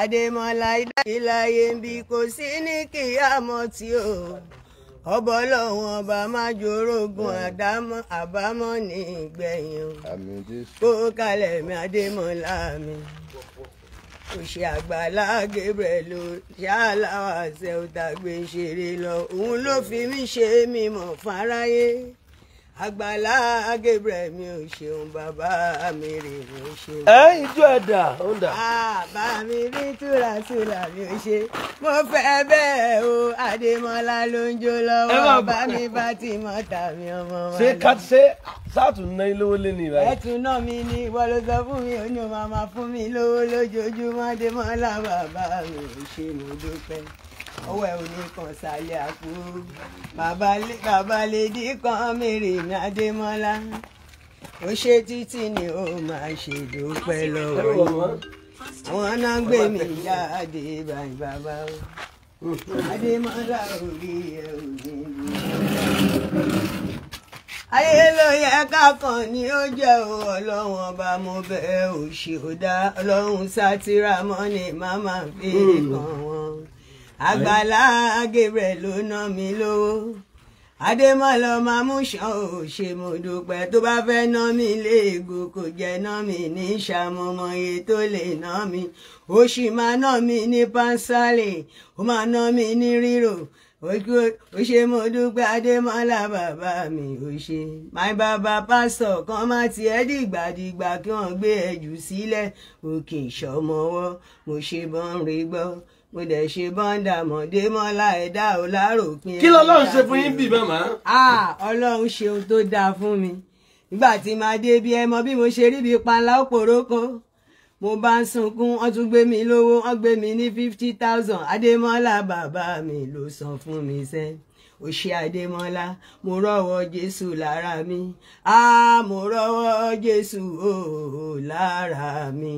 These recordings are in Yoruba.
àdèmọ̀lá ìdáyé ń bi kò sí ní kíyàmọ́ tí o ọba ọlọ́run ọba máa jorógun àdámọ́ àbámọ́ ní ìgbẹ̀yìn o kó kalẹ̀ mi àdèmọ̀lá mi kò ṣe àgbàlá Gabriel o ṣáàlà àṣẹ ò lọ òun ló fi mí ṣe mímọ̀ fáráyé àgbàlá Gabriel mi ò ṣeun bàbá mi rè mi ò ṣe. ẹ ijó ẹ̀dà ó ń dà. bàbá mi rí túrasúlà mi ò ṣe mo fẹ́ bẹ́ẹ̀ o Adémọ́lá ló ń jó lọ́wọ́ bá mi bá ti mọ́ tàbí ọmọ wa lọ. ṣé ká ṣe sátún ná lówó lé ní ìbáyìí. ẹtùn náà mi ni ìwọ ló sọ fún mi ó ní o máa máa fún mi lówó lójoojúmọ́ Adémọ́lá bàbá mi ò ṣe mo dúpẹ́ ọwọ́ ẹ̀ ò ní kàn sálẹ̀ àpò bàbá lédi kan Mary Adémọ́lá ó ṣe títí ni ó máa ṣe dúpẹ́ lọ́wọ́ yìí àwọn náà gbé mi jáde báyìí bàbá o Adémọ́lá orí ẹ̀ ò ní kákan ni ó jẹ́ o ọlọ́run ọba mo bẹ̀ ẹ́ òṣì ò dá ọlọ́run sátìrámọ́ ni màmá fi kàn wọ́n. Àgbàlá Gabriel ló ná mi lówó adémọ́lọ́ máa mú ṣan ò ṣe mo dúpẹ́ tó bá fẹ́ ná mi léègùn kò jẹ́ ná mi ní ṣàmọmọye tó lè ná mi ó sì máa ná mi ní pánsálì ó máa ná mi ní rírò ó ṣe mo dúpẹ́ adémọ́lá bàbá mi ó ṣe máì bàbá pásítọ̀ kan má tiẹ̀ dìgbàdìgbà kí wọ́n gbé ẹ̀jù sílẹ̀ òkè ìṣọmọwọ́ mo ṣe bọ́n rí gbọ́ mo dẹ̀ ṣe bọ́ńdà mọ̀démọ́lá ẹ̀dá ò láròpin. kí lọ́lọ́run ṣe fún yín bí màmá. ọlọ́run ṣeun tó dáa fún mi nígbà tí màá dé bí ẹ bí mo ṣe rí bí panlá òpòrókó mo bá ń sunkún wọ́n tún gbé mi lówó wọ́n gbé mi ní fifty thousand adémọ́lá bàbá mi ló san fún mi sẹ́yìn ó ṣe Adémọ́lá mo rọ́wọ́ Jésù lára mi a mo rọ́wọ́ Jésù o lára mi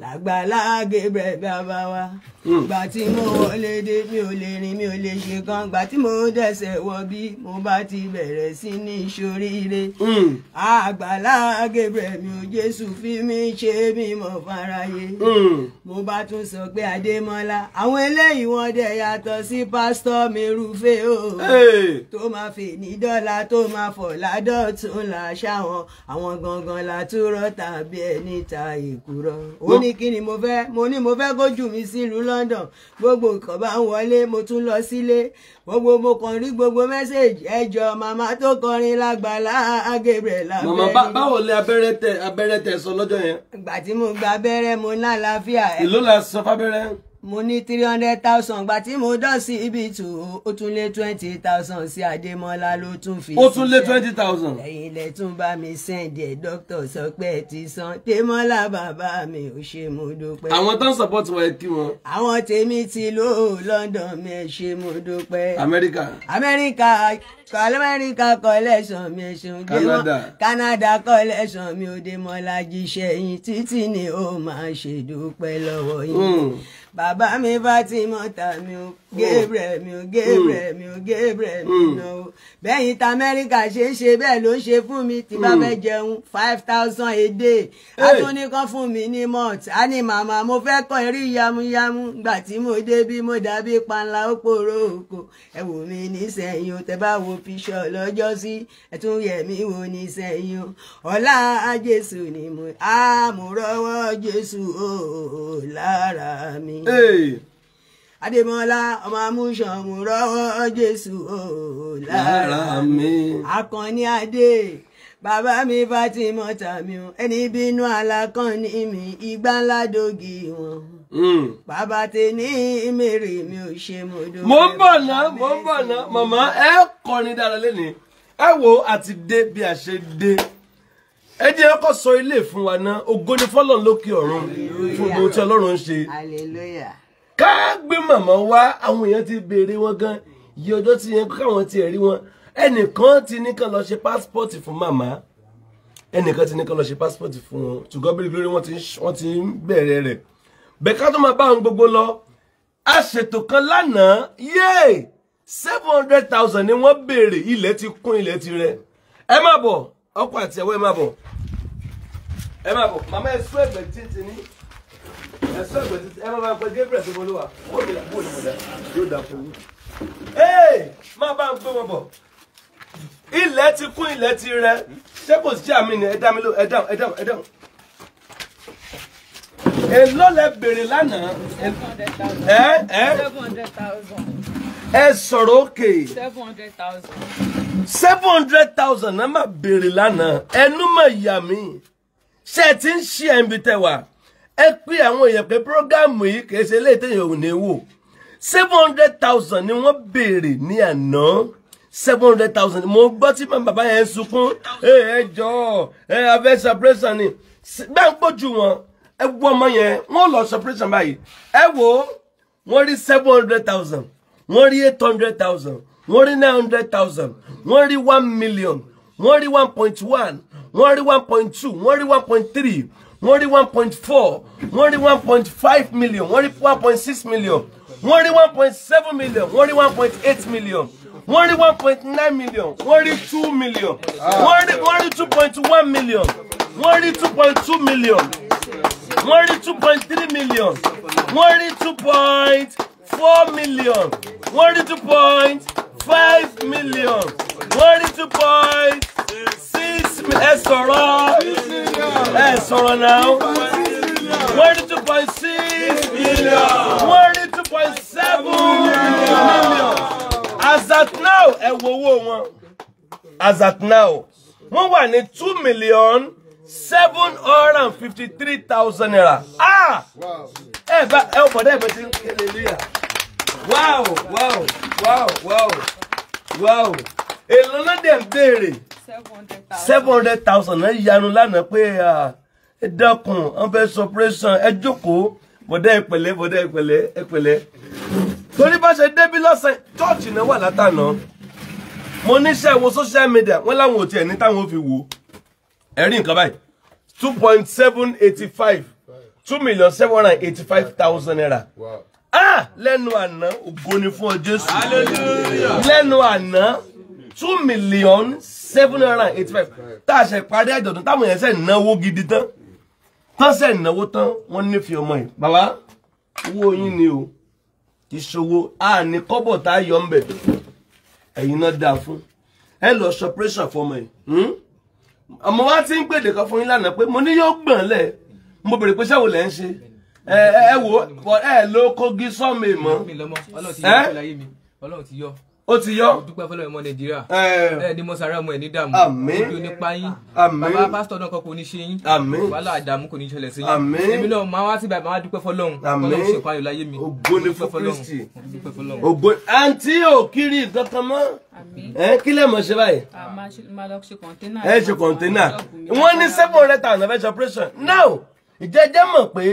làgbàlá Gabriel bàbá wa hmm. gbà tí mo wọlé dé mi ò lè rìn mi ò lè ṣe kan gbà tí mo dẹ̀sẹ̀ wọ bí mo bá ti bẹ̀rẹ̀ sí ní ìṣoríire hmm. àgbàlá Gabriel mi ò Jésù fi mi ṣe mímọ́ fáráyé hmm. mo bá tún sọ pé Adémọ́lá àwọn eléyìí wọ́n dẹ̀ yàtọ̀ sí pásítọ̀ mi rúfẹ́ o tó máa fi nídọ́là tó máa fọ̀ ládọ́tún là ṣáwọn àwọn gangan la túrọ̀ tàbí ẹni ta èkúrọ̀ ó ní kí ni mo fẹ́ mo ní mo fẹ́ kó jù mí sílùú London gbogbo nǹkan bá ń wọlé mo tún lọ sílé gbogbo mo kàn rí gbogbo mẹ́sẹ̀gì ẹjọ́ màmá tó kọrin lágbàlá àgẹ̀rẹ̀ lábẹ́rẹ́. màmá báwo lẹ abẹ́rẹ́ tẹ abẹ́rẹ́ tẹ sọ lọ́jọ́ yẹn. ìgbà tí mo gba abẹ́rẹ́ mo ní àlàáfíà. ìlú la sọ fábẹ́rẹ́ mo ní three hundred thousand gba tí mo dọ̀ sí ibi tù ó tún lé twenty thousand sí Adémọ́lá ló tún fi ó tún lé twenty thousand. ẹ̀yin lẹ tún bá mi send ẹ̀ dókítà sọ pé ẹ ti san Démọ́lá bàbá mi ò ṣe mo dúpẹ́. àwọn tó support wọn ẹ kí wọn. àwọn tèmi ti lọ London mi ẹ ṣe mo dúpẹ́. Amẹ́ríkà. Amẹ́ríkà amẹ́ríkà collection mi ṣeun Canada Canada collection mi ò Démọ́lá jíṣẹ́ yín títí ni ó máa ṣèdúpẹ́ lọ́wọ́ yín. Hmm bàbá mi Fátímọ̀ tàmí o gébrè mi ò gébrè hmm. mi ò gébrè mi hmm. nà o bẹ́yìn tá amẹ́ríkà ṣe é ṣe bẹ́ẹ̀ ló ń ṣe fún mi tí bá hmm. fẹ́ jẹun five thousand a day atúnikan fún mi ní malt a màmá mo fẹ́ kàn rí yamuyamu gbà tí mo débí mo dàbí panla ó pòrò oko ẹ wò mí nísẹ̀yìn o tẹ bá wo píṣọ lọ́jọ́ sí ẹ tún yẹ mí wò nísẹ̀yìn o ọlá jésù ni mo àmúrọ́wọ́ jésù o lára mi adémọlá ọmọ amúṣanmú rọ́wọ́ jésù lára mi akànní adé bàbá mi fatima tàmí o ẹni bínú alákànní mi igbá ńlá dògì wọn. Hmm. bàbá tèmi mèrè mi ò ṣe mo dò. mo ń bọ̀ ná mo ń bọ̀ ná màmá ẹ kọrin dára lẹ́nìí ẹ wo àti dé bí a ṣe dé ẹ jẹ́ ọkọ̀ sọ ilé fún wa ná ògo ni lókè ọ̀run fún gbogbo tí ọlọ́run ń ṣe. hallelujah ká gbé màmá wá àwọn èèyàn ti béèrè wọn gan iye ọjọ́ tí yẹn káwọn ti rí wọn ẹnìkan ti ní kàn lọ ṣe pásítọ̀tì fún màmá ẹnìkan ti ní kàn lọ ṣe pásítọ̀tì fún wọn ṣùgbọ́n bí lórí wọn ti ń bẹ̀rẹ̀ rẹ̀ bẹ́ẹ̀ ká tó máa bá àwọn gbogbo lọ a kan lánàá yéè seven hundred thousand ni wọ́n béèrè ilẹ̀ ti kún ilẹ̀ ti rẹ̀ ẹ má bọ̀ ọkọ àti ẹ̀wọ́ ẹ má bọ̀ ẹ má bọ̀ màmá ẹ sún ẹ̀gbẹ́ títí ní ẹ̀sọ́ ìgbẹ́ títí ẹ bá bá pẹ́ Gabriel tó bolówà bó ni bó ni mo dá yóò dà fún mi. ee má bá ń gbé wọn bọ̀ ilẹ̀ ti kún ilẹ̀ ti rẹ ṣé kò sí àmì ni ẹ dá mi ló ẹ dáhùn ẹ dáhùn ẹ dáhùn èló bèrè lánàá. ẹ ẹ ẹ sọ̀rọ̀ òkè. seven hundred thousand. seven hundred thousand náà máa bèrè lánàá ẹnu mọ̀ ìyá mi ṣé ẹ ti ń ṣí ẹ̀ ń bi tẹ̀ wá ẹ pé àwọn èèyàn pé prógámù yìí kì í ṣe eléyìí téèyàn ò ní wò seven hundred thousand ni wọ́n béèrè ní àná seven hundred thousand mo gbọ́ tí màmá bàbá yẹn ń sunkún ẹ ẹ jọ ẹ abẹ́ separation ni bẹ́ẹ̀ ń gbójú wọn ẹ wọ ọmọ yẹn wọ́n lọ separation báyìí ẹ wò ó wọ́n rí seven hundred thousand wọ́n rí eight hundred thousand wọ́n rí nine hundred thousand wọ́n rí one million wọ́n rí one point one wọ́n rí one point two wọ́n rí one point three wọ́n rí one point four wọ́n rí one point five million wọ́n rí one point six million wọ́n rí one point seven million wọ́n rí one point eight million wọ́n rí one point nine million wọ́n rí two million wọ́n rí wọ́n rí two point one million wọ́n rí two point two million wọ́n rí two point three million wọ́n rí two point four million wọ́n rí two point five million wọ́n rí two point ẹ sọ̀rọ̀ ẹ sọ̀rọ̀ náà wọ́n rí two point six million wọ́n rí two point seven million as at now ẹ wo owó wọn as at now wọ́n wà ní two million seven hundred and fifty three thousand naira ah ẹ bá ẹ bọ̀dá ẹ bẹ ti wow wow wow wow wow èlò náà dẹ̀ them, béèrè seven hundred thousand náà yanu lánàá pé ẹ dákun wọn fẹ́ sọ pírẹ́sàn ẹ jókòó bọ̀dẹ́ ìpẹ̀lẹ́ bọ̀dẹ́ ìpẹ̀lẹ́ ìpẹ̀lẹ́ torí bá ṣe débí lọ́sẹ̀ chọ́ọ̀chì náà wà látànà mo níṣẹ́ wo social media wọ́n láwọn ò tiẹ̀ ní táwọn fi wò ẹ̀rí nǹkan báyìí two point seven eighty five two million seven hundred eighty five thousand naira ah lẹ́nu àná ògo ni fún ọ Jésù lẹ́nu àná two million seven hundred and eighty five tá a ṣe parí àjọ̀dún táwọn yẹn ṣe náwó gidi tán tán ṣe náwó tán wọ́n nífẹ̀ẹ́ ọmọ yìí bàbá owó yín ni o ti ṣòwò a ní kọ́bọ̀ tá a yọ ń bẹ̀ ẹ̀yin náà dáa fún ẹ lọ ṣọpẹ́ṣọ̀ fọmọ yìí hmm? ọmọ wa ti ń gbèdè kan fún yín lánàá pé mo ní yóò gbọ̀n lẹ̀ mo bèrè pé ṣẹ́wò lẹ́ ń ṣe ẹ wo ẹ ló kógi sọ́mi mọ́ ó ti yọ. dúpẹ́ fọlọ́run ọmọ nàìjíríà ẹ ní mọ́sára ọmọ ẹ̀ ní dààmú ojú nípa yín bàbá pásítọ̀ náà kọ́ kò ní ṣe yín wàhálà àdààmú kò ní ṣẹlẹ̀ sí yín èmi náà máa wá sí bàbá wa dúpẹ́ fọlọ́run fọlọ́run ṣe ìpayọ̀ láyé mi ògbóni fún kristi ògbóni àǹtí ò kiri kankan mọ́ ẹ kí lè mọ̀ ṣe báyìí. ẹ ṣe kọ̀ǹténà wọ́n ní seven hundred thousand fẹ́ ṣe operation now ìjẹ́jẹ́ mọ̀ pé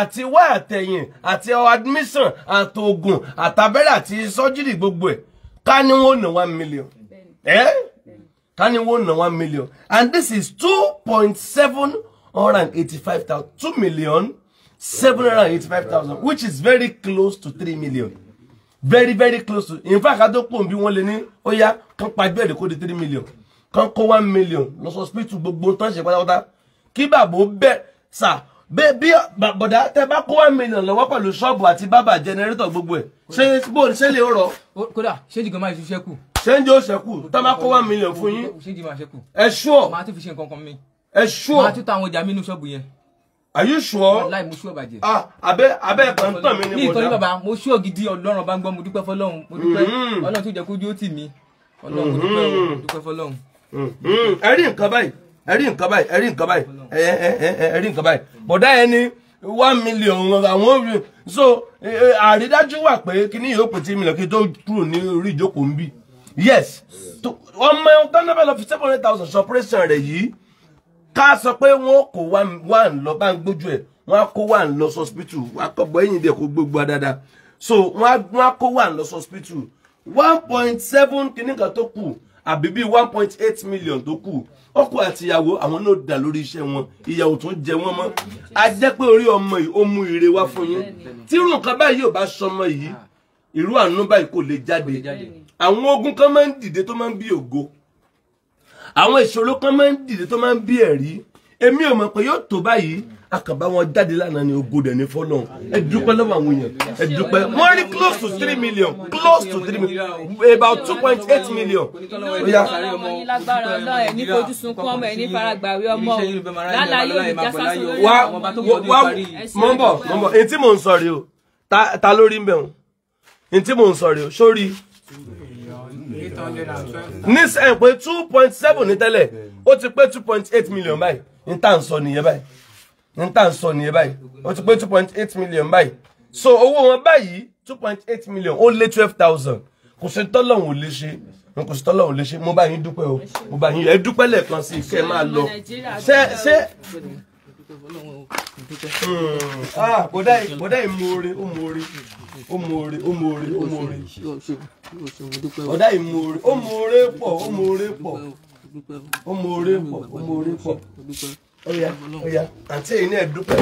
àti wá àtẹ̀yìn àti admission àtòògùn àtàbẹ́rẹ́ àti sọ́jírì gbogbo ẹ̀ Can you wọ́n ná one million Eh? Can you wọ́n ná one million and this is two point seven hundred eighty-five thousand two million seven hundred eighty-five thousand which is very close to three million very very close to in fact I don't ń bí wọ́n lè ní ó yá kán pa bẹ́ẹ̀ lè kó di three million kán call one million No sọ hospital gbogbo tán ṣe pátápátá kí bàbá bí bọ̀dá tẹ bá kó one million lọ́wọ́ pẹ̀lú ṣọ́ọ̀bù àti bábà jẹnẹrétọ̀ gbogbo ẹ̀ ṣé bóòlù ṣé lè rọ. kódà ṣéǹjì kan máa ṣe ṣẹ́kù. ṣéǹjì ó ṣẹ́kù tó bá kó one million fún yín. ṣéǹjì máa ṣẹ́kù. ẹ ṣúọ̀. màá tún fi ṣe nǹkan kan mi. ẹ ṣúọ̀. màá tún ta àwọn ọjà mi nínú ṣọ́ọ̀bù yẹn. Are you sure? Wallahi mo sure bàjẹ́. Ah, abẹ́ abẹ́ kan tán mi ni mo dá. Mi ìtọ́jú bàbá, mo sure gidi Ọlọ́run bá ń gbọ́, mo dúpẹ́ fọlọ́run, mo dúpẹ́ mm-hmm. Ọlọ́run tó jẹ́ kójú ó tì mí. Ọlọ́run mo dúpẹ́ mm-hmm. fọlọ́run. Mm-hmm. Ẹ rí nǹkan báyìí ẹ rí nǹkan báyìí ẹ rí nǹkan báyìí ẹ ẹ ẹ ẹ nǹkan báyìí bọ̀dá yẹn ní one million àwọn so àrídájú wà pé kíní yóò pè tí mi lọ kí n tó kúrò ní orí ìjókòó ń bì yes ọmọ ghana bẹ́ẹ̀ lọ fi seven hundred thousand suppression rẹ̀ yìí ká sọ pé wọn kò wà ń lọ bá ń gbójú ẹ̀ wọn á kó wà lọ hospital akọ̀bọ̀ ẹ̀yìn dẹ̀ kó gbogbo dáadáa so wọn á kó wà lọ hospital one point seven kíní kan tó kù àbí bíi one point eight million tó kù ọkọ àtìyàwó àwọn náà dà lórí iṣẹ́ wọn ìyàwó tó ń jẹ wọ́n mọ́ a jẹ́ pé orí ọmọ yìí ó mú ire wá fún yín tí irú nǹkan báyìí ò bá sọmọ yìí irú àánú báyìí kò lè jáde àwọn ogun kan máa ń dìde tó máa ń bí ògo àwọn ìṣòro kan máa ń dìde tó máa ń bí ẹ̀rí èmi ò mọ̀ pé yóò tó báyìí akànbá wọn jáde lánàá ni ogode ní fọlọ́n ẹ dúpẹ́ lọ́wọ́ àwọn èèyàn ẹ dúpẹ́ wọ́n rí close to three million close to three million about two point eight million. oya ọmọ yín lágbára ọlọ́run ẹ̀ ní fojú sunkún ọmọ ẹ̀ ní faragbàwé ọmọ lálá yóò lè já sásán lórí ọmọ bá tó gbọdọ̀ èyí tí mò ń sọ o ta lórí ń bẹ̀ wọ́n èyí tí mò ń sọ o sórí ní sẹ́yìn pé two point seven ní tẹ́lẹ̀ ó ti pé two point eight million báyìí n tá à ń sọ nìyẹn báyìí n tá ti pé two million báyìí so owó wọn báyìí two million ó lé twelve thousand kò sí tọ́lọ́hún ò lè ṣe n kò sí tọ́lọ́hún lè mo bá yín dúpẹ́ o mo bá yín ẹ dúpẹ́ lẹ́ẹ̀kan sí kẹ́ ẹ máa lọ ṣe ṣe. bọ́dá yìí bọ́dá yìí mo re ó mo re ó mo re ó mo re ó mo re bọ́dá yìí mo re ó mo re pọ̀ ó mo re pọ̀ ọmọ orí pọ̀ ọmọ orí pọ̀ oya oya àǹtí èyí ní ẹ̀dúpẹ́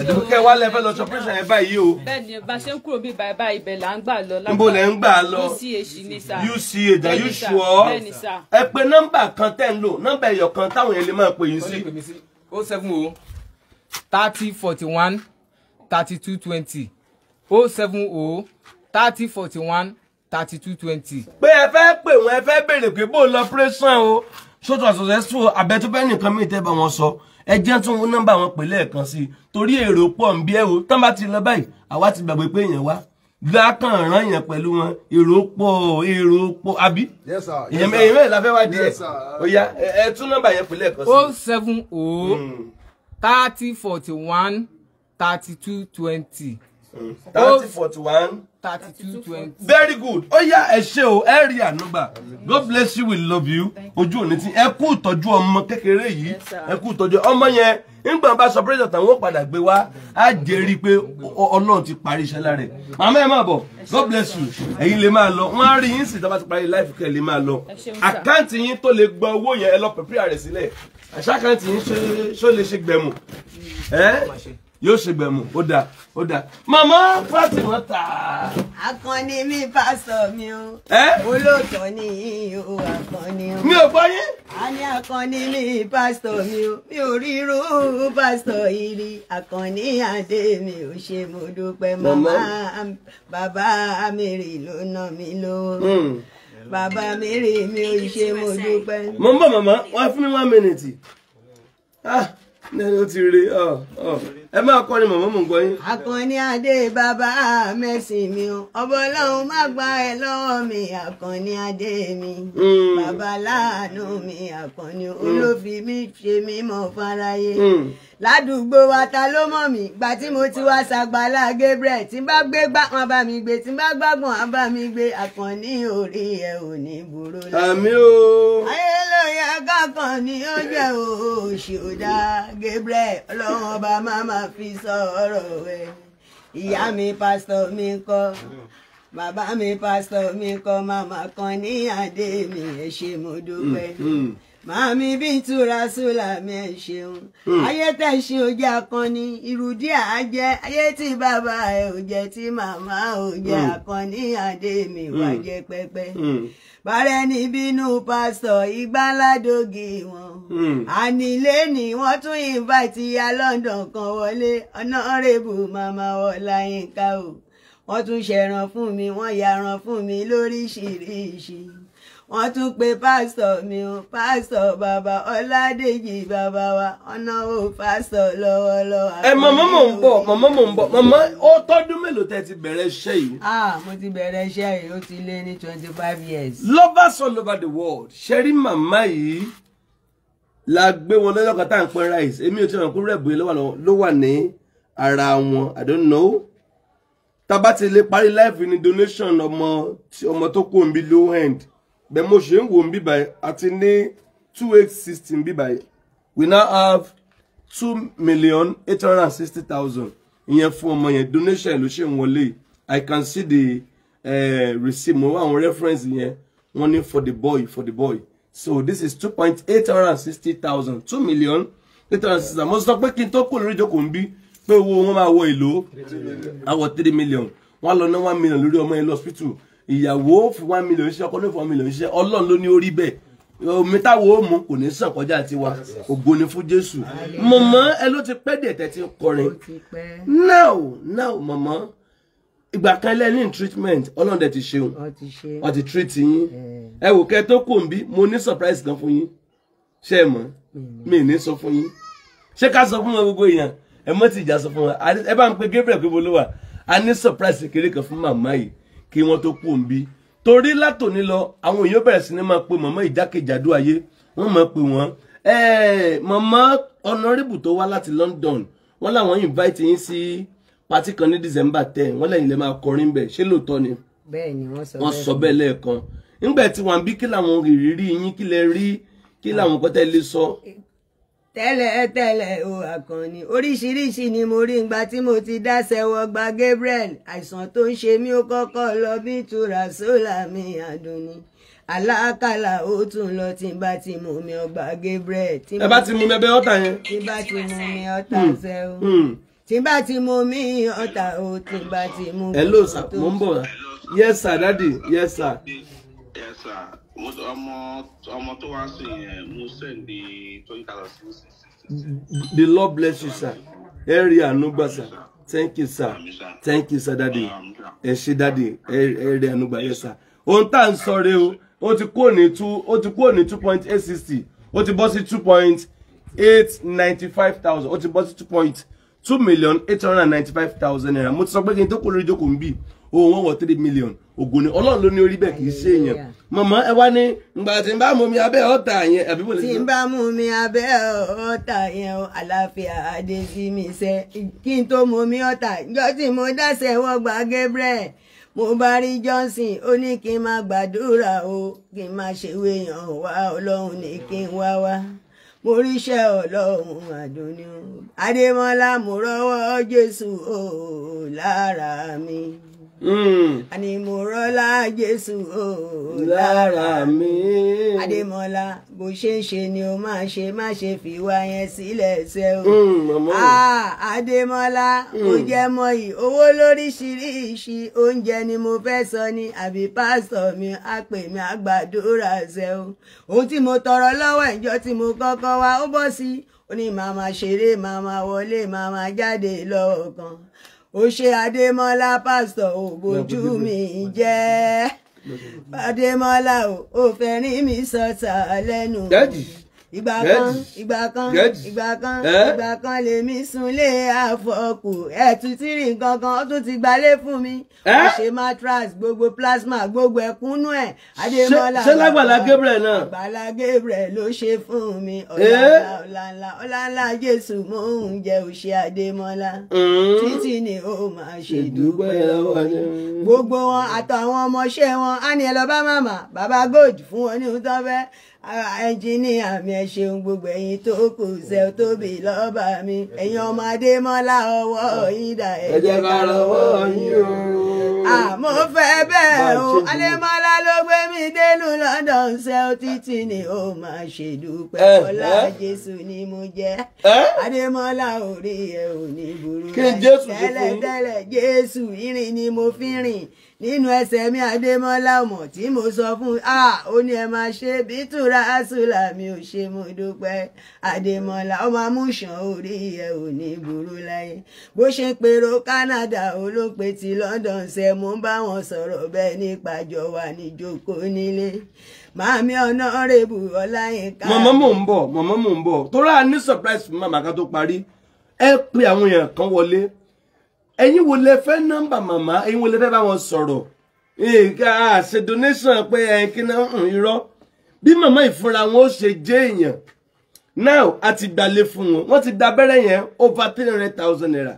ẹ̀dúpẹ́ kẹ́ wá lẹ́fẹ́ lọ sọpẹ́sàn ẹ̀ báyìí o. bẹ́ẹ̀ni bá ṣe ń kúrò bíi bàbá báyìí ibẹ̀ là ń gbà lọ. níbo lẹ ń gbà lọ uch ni sá uch da you sure ẹ pé nọ́mbà kan tẹ́ ń lò nọ́mbà ẹ̀yọ̀ kan táwọn yẹn lè máa pè yín sí. o seven o thirty forty one thirty two twenty o seven o thirty forty one thirty two twenty. pé ẹ fẹ́ pè wọ́n ẹ fẹ́ béèrè pé bó lọ pírẹ́sàn o ṣòtò àṣọṣẹ́sù àbẹ̀túbẹ́ nìkan mi tẹ́ bá wọn sọ ẹ jẹ́ tún nọ́mbà wọn pè lẹ́ẹ̀kan sí i torí èrò pọ̀ ń bí ẹ o tán bá ti lọ báyìí àwa ti gbàgbé pé èèyàn wá lákàn ràn yẹn pẹ̀lú wọn èrò pọ̀ èrò pọ̀ àbí èèyàn mẹ́rin mẹ́rin la fẹ́ wá díẹ̀ ó yá ẹ tún nọ́mbà yẹn pè lẹ́ẹ̀kan sí o oh seven o oh hmm. thirty forty one thirty two twenty. Mm. Oh. thirty forty one. thirty two twenty. very good ó oh, yá ẹ ṣé o ẹ rí ànúgbà god bless you we love you ojú òní tí ẹ kú ìtọ́jú ọmọ kékeré yìí ẹ kú ìtọ́jú ọmọ yẹn nígbà bá sọ pírẹ́sìdọ̀ tàn wọ́n padà gbé wá á jẹ́ rí i pé ọlọ́run ti parí iṣẹ́ lára ẹ̀ màmá ẹ̀ máa bọ̀ god bless you ẹ̀yin lè máa lọ wọ́n á rí yín sì tó bá ti parí láìfù kẹ́ ẹ̀ lè máa lọ àkáǹtì yín tó lè gba owó yẹn ẹ lọ pẹ̀pẹ́ rẹ̀ sílẹ̀ yóò ṣe gbẹ̀mù ó dáa ó dáa màmá Fatima ta. akọni mi pásọ mi o. ẹ olóòtọ́ ni yín akọni o. mi ò gbọ́ yín. a ní akọni mi pásọ mi o mi ò rí irú pásọ ìrì akọni adé mi ò ṣe mo dúpẹ́ màmá bàbá amèrè ló ná mi lówó. Hmm. bàbá amèrè mi ò ṣe mo dúpẹ́. mo ń bọ̀ màmá wá fún mi one minute. ah nínú ti rí ọ ah, ọ. Ah ẹ máa kọ́ ni màmá mò ń gbọ́ yín. àkànní adé bàbá mẹ́sìn mi o ọbọ ọlọ́run má gba ẹ lọ́wọ́ mi àkànní adé mi hmm. bàbá láàánú mi àkànní olófin hmm. mi ṣe mí mọ́ fáráyé hmm. ládùúgbò wa ta ló mọ̀ mí gbà tí mo ti wá ṣàgbàlá Gabriel tí n bá gbé gbà wọn bá mi gbé tí n bá gbàgbọ́n bá mi gbé àkànní orí ẹ ò ní burú lọ. àmì o. ayé ló yẹ kákan ni ó jẹ́ òṣì ọ̀dà Gabriel ọlọ́run ọba máma fi sọ̀rọ̀ ẹ̀ ìyá mi pásítọ̀ mi kọ́ bàbá mi pásítọ̀ mi kọ́ màmá kan ní àdé mi ẹ ṣé mo dúpẹ́. Mm-hmm màámi Bintu Rasulami ẹ ṣeun hmm. ayé tẹ̀sìn ò jẹ́ akọni ìrùdí àájẹ́ ayé tí bàbá ẹ ò jẹ́ tí màmá ò jẹ́ hmm. akọni adé mi wà hmm. jẹ́ pẹ́pẹ́ bàrẹ ní bínú pásítọ̀ ìgbàládògì wọn ànílé ni wọ́n tún invite ya London kan wọlé ọ̀nàrẹ́bù màmá Ọláyínká o wọ́n tún ṣẹ̀ràn fún mi wọ́n yaran fún mi lóríṣiríṣi wọ́n tún pe pásítọ̀ mi o pásítọ̀ bàbá ọládèjì bàbá wa ọ̀nà o pásítọ̀ lọ́wọ́lọ́wọ́. ẹ màmá mò ń bọ̀ màmá mò ń bọ̀ màmá ó tọ́dún mélòó tẹ́ ti bẹ̀rẹ̀ iṣẹ́ yìí. ah mo ti bẹ̀rẹ̀ iṣẹ́ yìí ó ti lé ní twenty five years. lovers all over the world ṣe rí màmá yìí la gbé wọn lọ́jọ́ kan tá à ń pín rice èmi ò tí wọn kó rẹ̀bù yìí ló wà ní ara wọn i don't know tá a bá ti lè parí life ní donation ọmọ tó kù ń low end bẹ́ẹ̀ mo ṣe ń wò ń bíbáyìí àti ní two eight sixteen bíbáyìí we now have two million eight hundred and sixty thousand ìyẹn fún ọmọ yẹn donation ló ṣe ń wọlé i can see the uh, receipt mo wá àwọn reference yẹn wọ́n ní for the boy for the boy so this is two point eight hundred and sixty thousand two million eight hundred and sixty thousand mo sọ pé kí n tó kó lórí ìjókòó ń bí pé owó wọn máa wọ èlò àwọ̀ three million wọ́n á lọ ná one million lórí ọmọ yẹn lọ́sítù ìyàwó fi one million ṣiṣẹ́ ọkọ náà fi one million ṣiṣẹ́ ọlọ́run ló ní orí bẹ́ẹ̀ omi táwo mu kò ní sàn kọjá tiwa ògo ni fún Jésù mọ̀mọ́ ẹ ló ti pẹ́ dẹ̀ tẹ́tí kọrin now now mọ̀mọ́ ìgbà kan lẹ́ni treatment ọlọ́run dẹ̀ ti ṣeun ó ti treat yín eh. ẹ wò kẹ́ tó kò ń bí mo ní surprise kan fún yín ṣé ẹ mọ̀ mi ní sọ fún yín ṣé ká sọ fún wọn gbogbo èèyàn ẹ mọ̀ tí ìjà sọ fún wọn ẹ bá ń pe Gabriel pé mo ló wà a ní surprise kékeré kan fún màmá yìí kí wọ́n tó kú òǹbí torí látòní lọ àwọn èèyàn bẹ̀rẹ̀ sí ni máa pe mọ̀mọ́ ìjákèjádò ayé wọ́n máa pe wọ́n mọ̀mọ́ ọ̀nàrẹ́bù tó wá láti London wọ́n làwọn invite yín sí pati kan ní December ten wọ́n lẹ́yìn lè máa kọrin bẹ̀ ṣé lóòótọ́ ni wọ́n sọ bẹ́ẹ̀ lẹ́ẹ̀kan nígbà tí wọ́n bí kí làwọn ìrírí yín kí lẹ rí kí làwọn kọ́tẹ́ lè sọ tẹ́lẹ̀tẹ́lẹ̀ o àkànní oríṣiríṣi ni mo rí ngbà tí mo ti dá sẹ́wọ́ gba Gabriel àìsàn tó ń ṣe mí ó kọ́kọ́ lọ bí tura sólà mi àdùnní alákàlà ó tún lọ tí n bá ti mú mi ọgbà Gabriel. ẹ bá ti mú mi ẹbẹ ọ̀tá yẹn. tí n bá ti mú mi ọ̀tá ṣẹ́ o tí n bá ti mú mi ọ̀tá o tí n bá ti mú mi ọ̀tá o. hello sir mo ń bọ̀ yes sir daddy yes sir. yes sir ọmọ ọmọ tó wá sí yẹn mo send the twenty thousand the lord bless you sir ẹ rí sir thank you sir thank you sir daddy ẹ ṣe daddy ẹ rí àánú sir ohun tá à ń sọ rèé o ó ti kúrò ní two ó ti kúrò ní two point eight sixty ó ti bọ́ sí two point eight ninety five thousand ó ti bọ́ sí two point two million eight hundred and ninety five thousand naira mo ti sọ pé kí n tó kó lórí ìjókòó ń bì òun wọ́n wọ̀ three million ogun ni ọlọ́run ló ní orí bẹ́ẹ̀ kì í ṣe èèyàn mọ̀mọ́ ẹ wá ní ìgbà tí n mi abe ọ̀tá yẹn àbí bò mi abẹ́ ọ̀tá yẹn o mi kí n tó mi mo gba Gabriel mo bá rí Johnson ó ní kí n o kí n máa ọlọ́run ní kí n mo ọlọ́run Hmm. ànìmọ̀rọ́lá jésù ooo lára mi. adémọlá bó ṣe ń ṣe ni o máa ṣe má ṣe fi wá yẹn sílẹ̀ ṣe o. Hmm, adémọlá ó hmm. jẹ́ mọ́yì owó lóríṣiríṣi oúnjẹ ni mo fẹ́ sọ ni àbí pásítọ̀ mi á pè mí àgbàdúrà ṣe o. ohun tí mo tọrọ lọ́wọ́ ìjọ tí mo kọ́kọ́ wá ó bọ́ sí ó ní màmá ṣeré màmá wọlé màmá jáde lọ́ọ̀kan ó ṣe adémọ́lá pásítọ̀ ò mi jẹ́ adémọ́lá ò fẹ́ rí mi sọ́ta lẹ́nu ìgbà kan ìgbà kan ìgbà kan eh? ìgbà kan lèmi sunlé àfọkù ẹ̀tún tírì kankan ó tún ti gbalé fún mi ó eh? matras gbogbo plasma gbogbo ẹ̀kúnnú ẹ̀ adémọ́lá ṣé lágbàlá Gabriel náà àgbàlá Gabriel ló ṣe fún mi ọ̀làlà eh? ọ̀làlà Jésù mò ń jẹ òṣè adémọ́lá mm. títí ni ó máa ṣe dúpẹ́ gbogbo wọn àtàwọn ọmọọṣẹ́ wọn á ní ẹ lọ bá màmá bàbá gold fún wọn ní ohun ẹnjìníà mi ẹ ṣeun gbogbo ẹ̀yin tó kù ṣe tóbi lọ́ba mi ẹ̀yin ọmọdé mọ́lá ọwọ́ yín dà ẹ jẹ́ ká lọ́wọ́ yín o. àmọ́ fẹ́ bẹ́ẹ̀ o adémọ́lá ló gbé mi dénú London ṣe títí ni ó máa ṣe dúpẹ́ ọlá Jésù ni mo jẹ́ adémọ́lá orí ẹ̀ ò ní burú ẹ̀ tẹ́lẹ̀ tẹ́lẹ̀ Jésù irin ni mo fi rìn nínú ẹsẹ̀ mi Adémọ́lá ọmọ tí mo sọ fún a ah, ó ní ẹ máa ṣe bí tura asúlà mi ò ṣe mo dúpẹ́ Adémọ́lá ọmọ amúṣàn orí ẹ ò ní burú láyé bó ṣe ń pèrò Canada olóòpè ti London ṣe mo bá wọn sọ̀rọ̀ bẹ́ẹ̀ nípa jọ wà níjókòó nílé màmí ọ̀nà rèébù ọláyínká. mọ̀mọ́ mò ń bọ̀ mọ̀mọ́ mò ń bọ̀ tó rà ní surprise fún màmá ká tó parí ẹ pé àwọn èèyàn kan wọlé ẹ̀yin wo lẹ fẹ́ nọ́mbà màmá ẹ̀yin wo lẹ fẹ́ bá wọn sọ̀rọ̀ nǹkan àṣẹ donation pé ẹ̀yin kí náà ń irọ́ bí màmá ìfúnra wọn ó ṣe jẹ́ èèyàn now a ti gbalé fún wọn wọ́n ti da abẹ́rẹ́ yẹn over three hundred thousand naira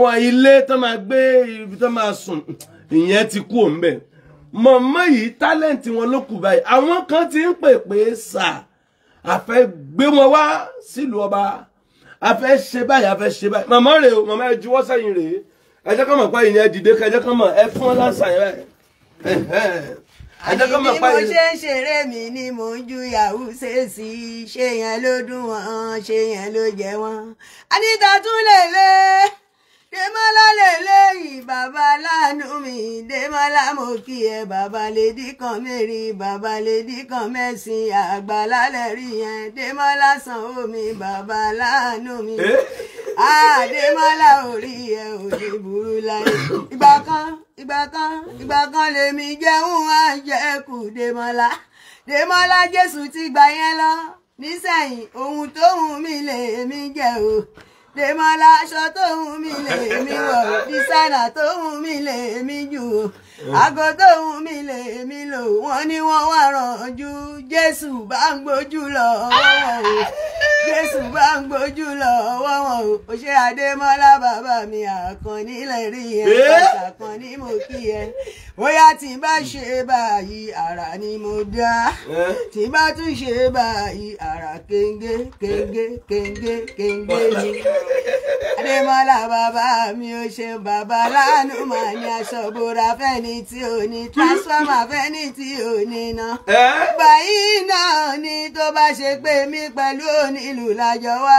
wọn ilé tó máa gbé ibi tó máa sùn ìyẹn ti kú òun bẹ́ẹ̀ màmá yìí tálẹ̀ǹtì wọn ló kù báyìí àwọn kan ti ń pè pé sà àfẹ́ gbé wọn wá sílùú ọba a fẹ́ ṣe báyìí a fẹ́ ṣe báyìí màmá rèé o màmá ẹ juwọ́ sẹ́yìn rèé ẹ jẹ́ ká mọ̀ pa ìyẹn dìde ká ẹ jẹ́ ká mọ̀ ẹ fún ọ lásán yẹn báyìí àní bí mo ṣe ń ṣeré mi ni mò ń ju yahoo ṣèṣì ṣe yẹn ló dùn wọn ṣe yẹn ló jẹ wọn. anita tún lè lé. Dèmọ́lá lélẹ́yìn baba láàánú mi Dèmọ́lá mo kí ẹ bàbá lédí kan mẹ́rin bàbá lédí kan mẹ́sìn àgbàlá lẹ́rí yẹn Dèmọ́lá san omi bàbá láàánú mi eh? Àdèmọ́lá orí ẹ ò ní burú láyé ìgbà kan ìgbà kan ìgbà kan lèmi jẹun àjẹkù Dèmọ́lá Dèmọ́lá Jésù ti gbà yẹn lọ nísẹ̀yìn ohun tóhun mi lèmi jẹ o. Dèmọ́lá aṣọ tó hun mi lè mi wọ̀ dísánà tó hun mi lè mi jù àgọ́ tó hun mi lè mi lò wọ́n ní wọ́n wá rànjú Jésù bá ń gbójú lọ ọwọ́ wọn o Jésù bá ń gbójú lọ ọwọ́ wọn o ó ṣe Adémọ́lá bàbá mi àkànní lè rí ẹ àkànní mo kí ẹ bóyá tí n bá ṣe báyìí ara ni mo dá tí n bá tún ṣe báyìí àrà kéńgé kéńgé kéńgé kéńgé ni adémọ́lá baba, mi ò ṣe bàbá láàánú mà ní aṣọ bora fẹ́ni tí ò ní transformer fẹ́ni tí ò ní iná. báyìí náà ni tó bá ṣe pé mi pẹ̀lú onílù lájọ wá.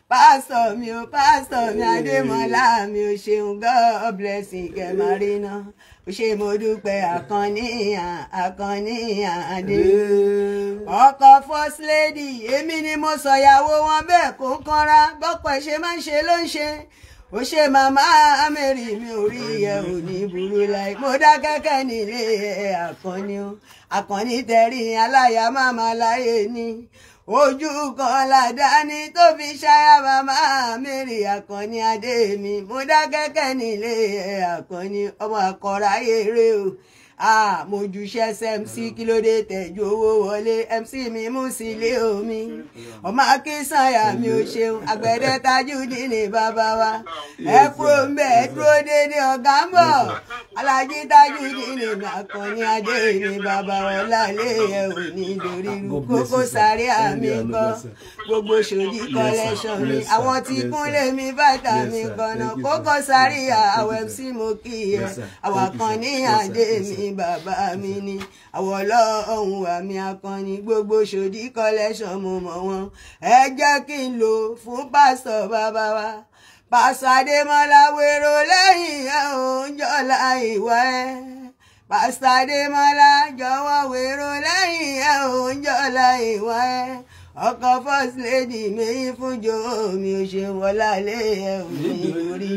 Pastor, mi ò pásítọ̀ mi adémọlá mi ò ṣeun god bless you marina. O ṣe mo dúpẹ́ àkànníyàn àkànníyàn adé ọkọ first lady èmi ni mo sọ̀yàwó wọn bẹ́ẹ̀ kó kanra bọ́pọ̀ ṣe máa ń ṣe ló ń ṣe ó ṣe màmá amẹ́rì mi ò rí ẹ ò ní burú láì mo dá kẹ́kẹ́ nílé ẹ àkànní o àkànní tẹ̀rí aláya máma láyé ni. fi ojugoladanitobishayamama ha meri ya konyi ada emi mụdagekenileeya konyi ọma kọrọ aya ereo mo jùṣẹ́ sẹ́mc kí ló dé tẹ̀jú wole wọlé mc mi mú sí ilé omi ọmọ akínsànyà mi ò ṣeun àgbẹ̀dẹ Tajudeen ni bàbá wa ẹ kúrò ń bẹ̀ ẹ dúró dédé ọ̀gá ń bọ̀ alájí Tajudeen ní akọni adé ní bàbá ọ̀la lé ẹ ò ní dorí ru kókó sáré àmì kan gbogbo ṣòdì collection mi àwọn tí kúnlé mi bàtà mi kan náà kókó sáré àwọn mc mo kì í àwọn kan ní adé mi bàbá mi ni àwọn ọlọ́run àmì akọni gbogbo ṣòdí collection mo mọ̀ wọn ẹ jẹ́ kí n lò fún pásítọ̀ bàbá wa pásítọ̀ adémọlá wérò lẹ́yìn ẹ̀ òǹjọ́lá ìwà ẹ̀ adémọlá jọ̀wọ́ wérò lẹ́yìn ẹ̀ òǹjọ́lá ìwà ọkọ first lady mi fúnjọ mi ò ṣe wọlá lé ẹrù mi orí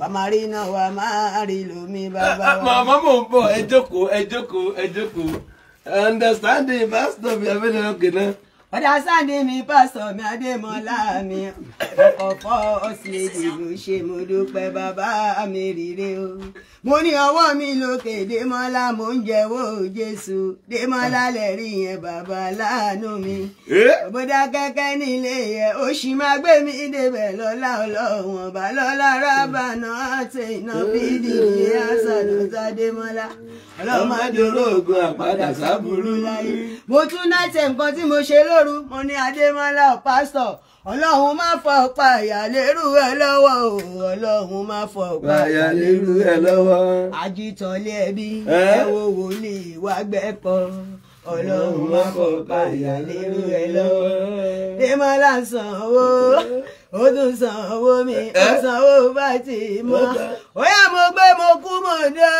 pàmárì náà wà máa rí lómi bàbá wa. màmá mò ń bọ̀ ẹ jókòó ẹ jókòó ẹ jókòó understanding pastor mi abẹ́rẹ́ ọkẹ́ náà ọ̀dà sáǹdé mi pásọ̀ mi adémọlá mi ọkọ̀ fọ́ ọ̀sì ìlú ṣe mo dúpẹ́ bàbá mi rire o mo ní ọwọ́ mi lókè démọlá mo ń jẹ́wọ́ jésù démọlá lẹ́rí yẹn bàbá láàánú mi òbódà kẹ́kẹ́ nílé yẹ ó sì máa gbé mi débẹ̀ lọ́lá ọlọ́wọ̀n bá lọ́lá rábànà àti iná bídì ní àṣàlùsà démọlá ọlọ́mọdé olóògùn àpàdà sábúrú láyé mo tún náà tẹ nǹkan tí mo ṣe ló lóru mo ní adémọ́lá ò pásítọ̀ ọlọ́run má fọ ọ̀pá àyàlérú ẹ lọ́wọ́ o ọlọ́run má fọ ọ̀pá àyàlérú ẹ lọ́wọ́. ajitọ́lé ẹbí ẹ wo wòlíì wá gbẹ́kọ̀ ọlọ́run má fọ ọ̀pá àyàlérú ẹ lọ́wọ́. démọ́lá san ó tún san mi ó san owó bá ti mọ́ ó yá mo gbé mo kú mọ̀ dá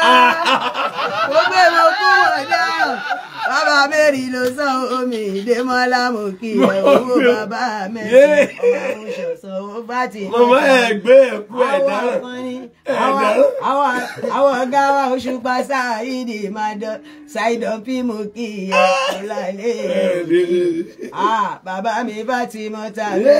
mo gbé mo kú mọ̀ dá bàbá mẹ́rin ló sọ omi ìdèmọ́lá mo kí ẹ owó bàbá mẹ́rin ọmọ òṣòṣò owó bá ti rẹ̀. mọ̀mọ́ ẹ gbé ẹ̀kú ẹ̀dáró. àwọn ọ̀gá wa oṣù pa sáàyídì máa dán ṣáìdọ̀ pí mo kí ẹ ọ̀làlẹ́ ẹ̀. bàbá mi bá ti mọ tàbí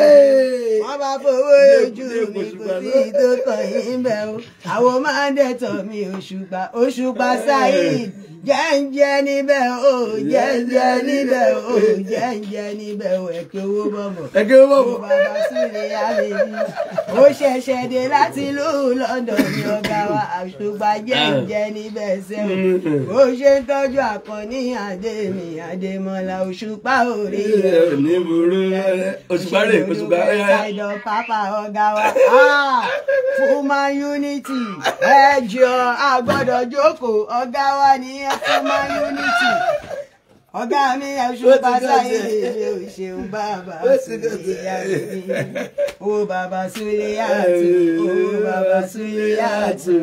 wọ́n bá fowó ojú mi kò sí ìtókàn yìí ń bẹ̀ o àwọn máa ń dẹ̀tọ̀ mi òṣùpá òṣùpá sáàyídì jẹ́ǹjẹ́ níbẹ̀ o jẹ́ǹjẹ́ níbẹ̀ o jẹ́ǹjẹ́ níbẹ̀ o ẹ̀kẹ́ owó bọ̀bọ̀ ẹ̀kẹ́ owó bọ̀bọ̀ bàbá sílé àlejò ó ṣẹ̀ṣẹ̀ dé láti ìlú London ní ọ̀gá wa àṣùgbà jẹ́ǹjẹ́ níbẹ̀ sẹ́wọ̀n mm-hmm. ó ṣe ń tọ́jú àkànní àdèmí àdèmọ́lá òṣùpá orí rẹ̀ ní burú òṣùpá rẹ̀ òṣùpá rẹ̀ ṣàìdọ̀ pápá ọ̀gá wa ah, fún man unity ẹ̀jọ̀ a gbọ́dọ̀ jókòó ọ̀gá wa ní fire for my unity. Ọ̀gá mi àṣùbà sáyé ṣeun ṣeun bàbá Súlé àti ó bàbá Súlé àti ó bàbá Súlé àti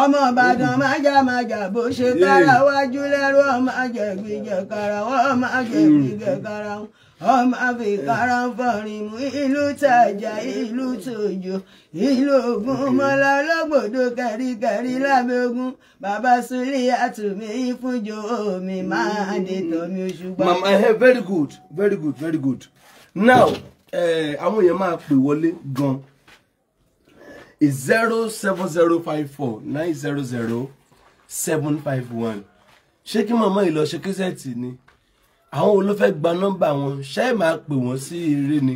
Ọmọ Ìbàdàn májàmájà bó ṣe kára wájú lẹ́rú ọmọ àjẹgbìjẹ kára wọ́n máa jẹgbìjẹ mm. kára wọn ọmọ àfikàrà ń fọrin mú ìlú tàjà ìlú tòjò ìlú ogun mọ́lá ọlọ́gbọ̀dọ̀ kẹríkẹrí lábẹ́ bàbá sulé àtúmí ìfúnjọ omi máa dé tọ́mi òṣùpá. mama ẹ very good very good very good now àwọn èèyàn máa pè wọlé gan is zero seven zero five four nine zero zero seven five one ṣé kí Mama. yìí lọ ṣe kí sẹ́ẹ̀tì ni àwọn olófẹ́ gba nọ́mbà wọn ṣe é máa pè wọ́n sí eré ni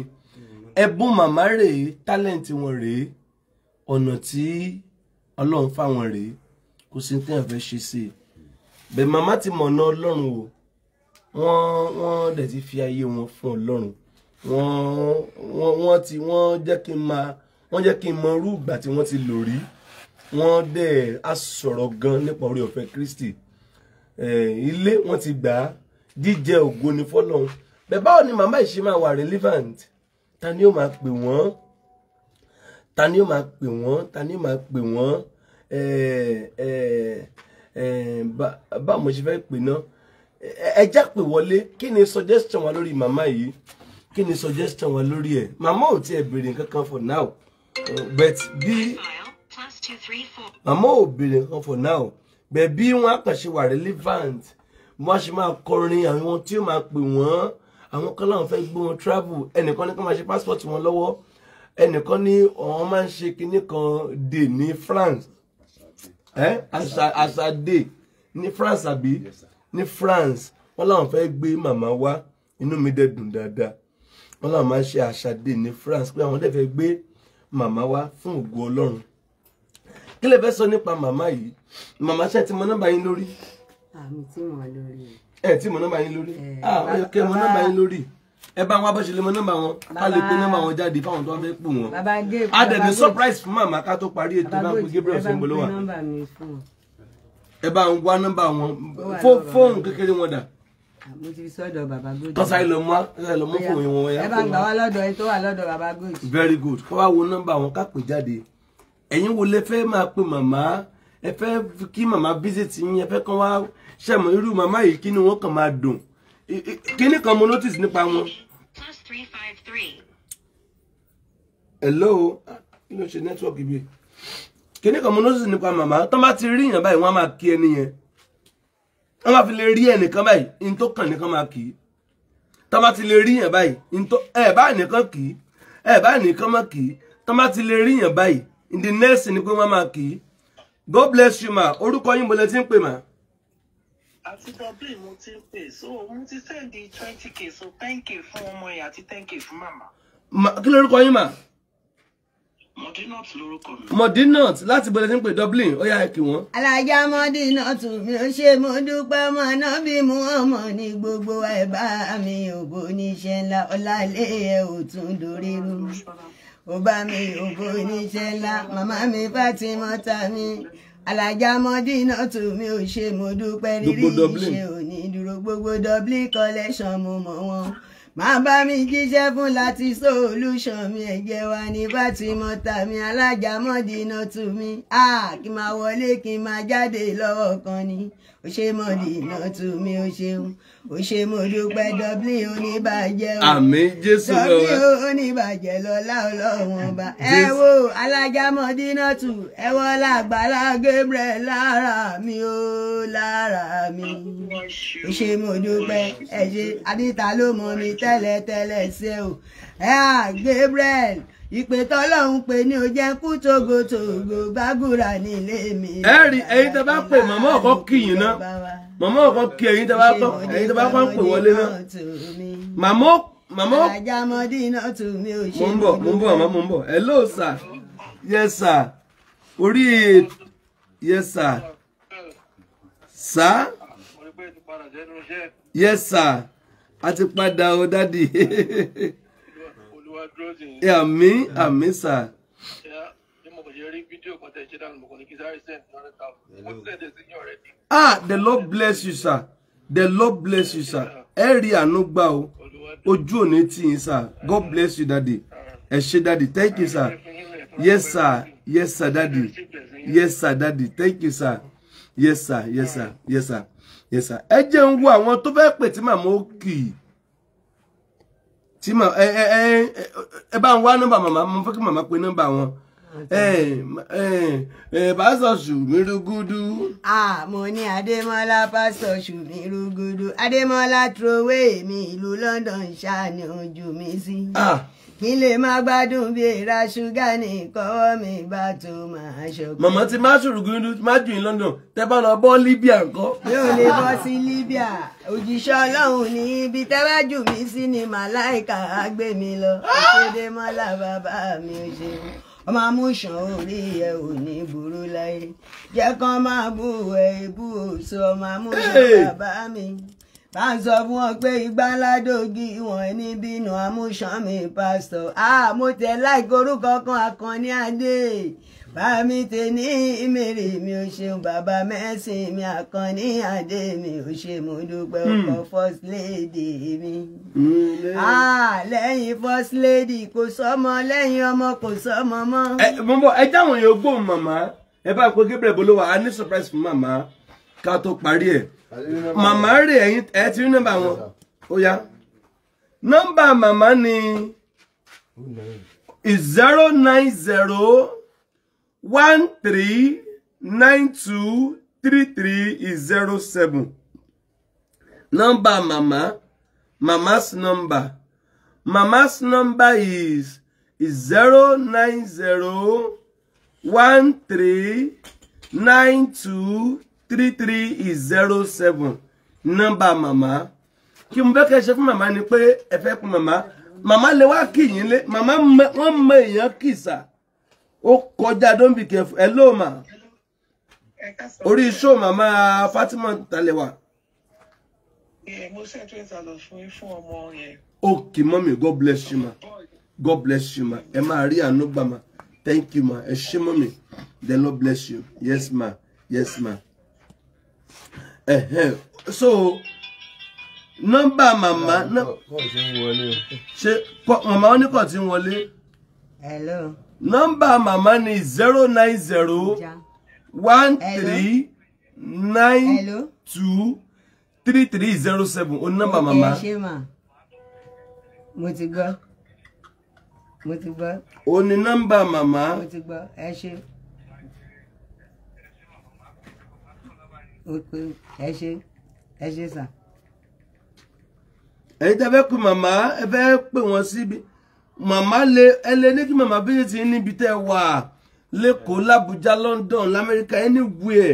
ẹ̀bùn màmá rèé tálẹ̀ǹtì wọn rèé ọ̀nà tí ọlọ́run fáwọn rèé kò sí tí wọ́n fẹ́ ṣe sí i bẹ́ẹ̀ màmá ti mọ̀nà ọlọ́run o wọ́n wọ́n dẹ̀ ti fi ayé wọn fún ọlọ́run wọ́n wọ́n wọ́n ti wọ́n jẹ́ kí n máa wọ́n jẹ́ kí n mọ irú ìgbà tí wọ́n ti lò rí wọ́n dẹ̀ á sọ̀rọ̀ gan nípa orí ọ̀fẹ́ Kristi ilé wọ́n ti gbà á jíjẹ ògo ni fọ́lọ́run bẹ́ẹ̀ báwo ni màmá ìṣe máa wà relevant ta ni ó máa pè wọ́n ta ni ó máa pè wọ́n ta ni ó máa pè wọ́n báwo mo ṣe fẹ́ pè náà ẹ pè wọlé kí ni suggestion wa lórí màmá yìí kí ni suggestion wa lórí ẹ̀ màmá ò tiẹ̀ béèrè nǹkan kan for now but bí màmá ò béèrè nǹkan for now bẹ́ẹ̀ bí wọ́n á kàn ṣe wà relevant mo á ṣe máa kọrin àwọn tí ó máa pè wọ́n àwọn kan láwọn fẹ́ gbé travel ẹnìkan ní kí wọ́n máa ṣe passport wọn lọ́wọ́ ẹnìkan ní ọ̀hún máa ń ṣe kinní kan dé ní France àṣà dé ní France àbí ní France wọ́n láwọn fẹ́ gbé màmá wá inú mi dẹ̀ dùn dáadáa wọ́n láwọn máa ń ṣe àṣà dé ní France pé àwọn dẹ̀ fẹ́ gbé màmá wá fún ògo Ọlọ́run kí lè fẹ́ sọ nípa màmá yìí màmá ṣe ti mọ nọ́mbà yín lórí àmì ah, tí mo lórí ẹ tí mo nọ́mbà yín lórí eh, ah, ẹ mo nọ́mbà yín lórí ẹ bá wọn abọ́ṣe lè mọ nọ́mbà wọn ká lè pe nọ́mbà wọn jáde fáwọn tó fẹ́ pò wọn a dẹ̀ surprise fún màmá ká tó parí ètò bá pé Gabriel ṣe ń bolo wa ẹ bá ń wá nọ́mbà wọn fóònù kékeré wọn dà ah, mo ti fi sọ́dọ̀ bàbá Gold. tọ́sà ilẹ̀ mọ́ ilẹ̀ mọ́ fún ìwọ̀n wọn yá. ẹ bá ń gbà wá lọ́dọ̀ ẹ tó wà lọ́dọ̀ bàbá Gold. very good kọ́ wá wo nọ́mbà wọn ká pè jáde ẹ̀yin wo lẹ fẹ́ máa pe màmá ẹ fẹ́ kí màmá visit yín ẹ fẹ́ kàn wá ṣẹ̀mọ̀ irú màmá yìí kí ni wọ́n kàn máa dùn kíní kan mo notice nípa wọn. plus three five three. hello kí ló ṣe network ibi kíní kan mo notice nípa màmá tán bá ti rí èèyàn báyìí wọ́n á máa kí ẹni yẹn wọ́n bá fi lè rí ẹnìkan báyìí ní tó kàn nìkan máa kì í tán bá ti lè rí èèyàn báyìí ní tó ẹ̀ bá nìkan kì í ẹ̀ bá nìkan máa kì í tán bá ti lè rí èèyàn báyìí ní the next ni pé wọ́n máa kì í God bless you ma. Orúkọ yín mo lẹ ti ń pè ma. Àti Dublin mo ti ń pè so mo ti sẹ́ndì twenty k so thank you fún ọmọ yẹn àti ten k fún màmá. Ma kí lorúkọ yín ma? Modinot lorúkọ mi. Modinot láti bọ̀dẹ̀ tí ń pè Dublin ó yá kí wọ́n. Alájà Modinot mi ò ṣe mo dúpẹ́ ọmọ náà bí mo ọmọ ní gbogbo ẹ̀ bá mi ògo níṣẹ́ ńlá ọ̀la lé ẹ̀ ò tún dorí rú ọba mi ògo oníṣẹ́ ńlá màmá mi Fátímọ́tà mi alájà mọ́dínà tó mi ò ṣe mo dúpẹ́ rírí iṣẹ́ òní dúró gbogbo dublin collection mo mọ̀ wọn máa bá mi jíṣẹ́ fún láti solution mi ẹ̀jẹ̀ wa ní Fátímọ́tà mi alájà mọ́dínà tù mí kí máa wọlé kí máa jáde lọ́wọ́ kan ni ó ṣe mọ́dínà tù ó ṣeun ó ṣe mo dúpẹ́ dublin oníbàjẹ́ o àmín jésù lọ́wọ́ dublin oníbàjẹ́ lọ́lá ọlọ́run ọba ẹ wo alájàmọ́ ẹ wọ́ làgbàlá Gabriel lára mi o lára mi ó ṣe mo dúpẹ́ ẹ ṣe adíta ló mọ mi tẹ́lẹ̀tẹ́lẹ̀ ṣe o ẹ à Gabriel ìpè tọ́lọ́hún pé ní o jẹ́ kú tògótògó gbàgùrà nílé mi. ẹ rí ẹ̀yin tẹ́ bá pè màmá ọkọ kì yín ná màmá ọkọ kì ẹ̀yin tẹ́ bá kọ ń pè wọlé ná màmá màmá. àjàmọ́dé náà tù mí ò ṣe. mo ń bọ̀ mo ń bọ̀ màmá mo ń bọ̀ hello sir yes sir orí yes sir sir yes sir a ti padà o dádì. Yeah me yín. àmì àmì sà. ah the lord bless you sir the lord bless you sir ẹ rí àánú gbà o ojú òní sir god bless you daddy ẹ ṣé daddy thank you sir yes sir yes sir daddy yes sir daddy thank you sir yes sir yes sir yes sir yes sir ẹ jẹ́ ń wo àwọn tó fẹ́ pè tí màmá ó kì í tí mà ẹ ẹ ẹ ẹ bá ń wá nọ́mbà màmá mo fẹ́ kí màmá pe nọ́mbà wọn pásítọ̀ ṣùmírúgúdú. mo ní adémọ́lá pásítọ̀ ṣùmírúgúdú adémọ́lá trowé mi ìlú London ṣáà ni ojú mi sí kí lè máa gbádùn bí èèrà ṣúgà ní kọ́wọ́ mi bá tó máa ṣọ̀gbọ́n. màmá ti má ṣòro gúndú má jù ní London tẹ bá lọ bọ́ Libya ńkọ́. yóò lè bọ́ sí Libya òjíṣẹ́ Ọlọ́run ní ibi tẹ́ bá sí ni màláìka á gbé mi lọ òṣèdè mọ́lá bàbá mi ò ṣeun ọmọ amúṣàn orí ẹ ò ní burú láyé jẹ́ kán máa bú ẹ ibú òṣù ọmọ amúṣàn bàbá mi bá ń sọ fún wọn pé igbá ládògì wọn ní bínú amúṣánmi pásítọ̀ àmọ́ tẹ láìkó orúkọ kan Àkànní Adé bàmí tèmi ìmèrè mi ò ṣeun bàbá mẹ́sìn mi Àkànní Adé mi ò ṣe mo dúpẹ́ ọkọ hmm. first lady mi. lẹ́yìn first lady kò sọ́mọ lẹ́yìn ọmọ kò sọ́mọ mọ́. ẹ mọ́mọ́ ẹ jáwọn yóò gbóhùn màmá ẹ bá pé Gabriel bolówà á ní surprise fún màmá ká tó parí ẹ̀ màmá rè ẹ̀yin ẹ ti rí nọ́mbà wọn ó yá nọ́mbà màmá ni zero nine zero one three nine two three three zero seven nọ́mbà màmá màmá's number màmá's number is zero nine zero one three nine two three three is zero seven nọ́mbà màmá kí mo be kẹ́ ṣe fún màmá ni pé ẹ fẹ́ kún màmá Mama, lè wá kì yín lé màmá wọ́n mọ èèyàn kìsà ó kọjá don't be careful hello ma orí iṣó màmá Fatima Talewa. Yeah, mo twenty thousand fún yín fún Okay, mommy, God bless you, ma. God bless you, ma. Ẹ máa rí àánú ma. Thank you, ma. Ẹ mommy. The Lord bless you. Yes, ma. Yes, ma so nọ́mbà mama. ṣe màmá wọn ní kò tí ń wọlé nọ́mbà mama ni zero nine zero one three nine two three three zero seven o nọ́mbà mama. mo ti gbọ́ mo ti gbọ́. o ní nọ́mbà màmá. mo ti gbọ́ ẹ ṣe. pé ẹ ṣe ẹ ṣe sà. ẹ̀yin tẹ́ fẹ́ pé màmá ẹ fẹ́ pè wọ́n síbi màmá lè ẹ lè ní kí màmá bí ti níbi London l'Amẹ́ríkà anywhere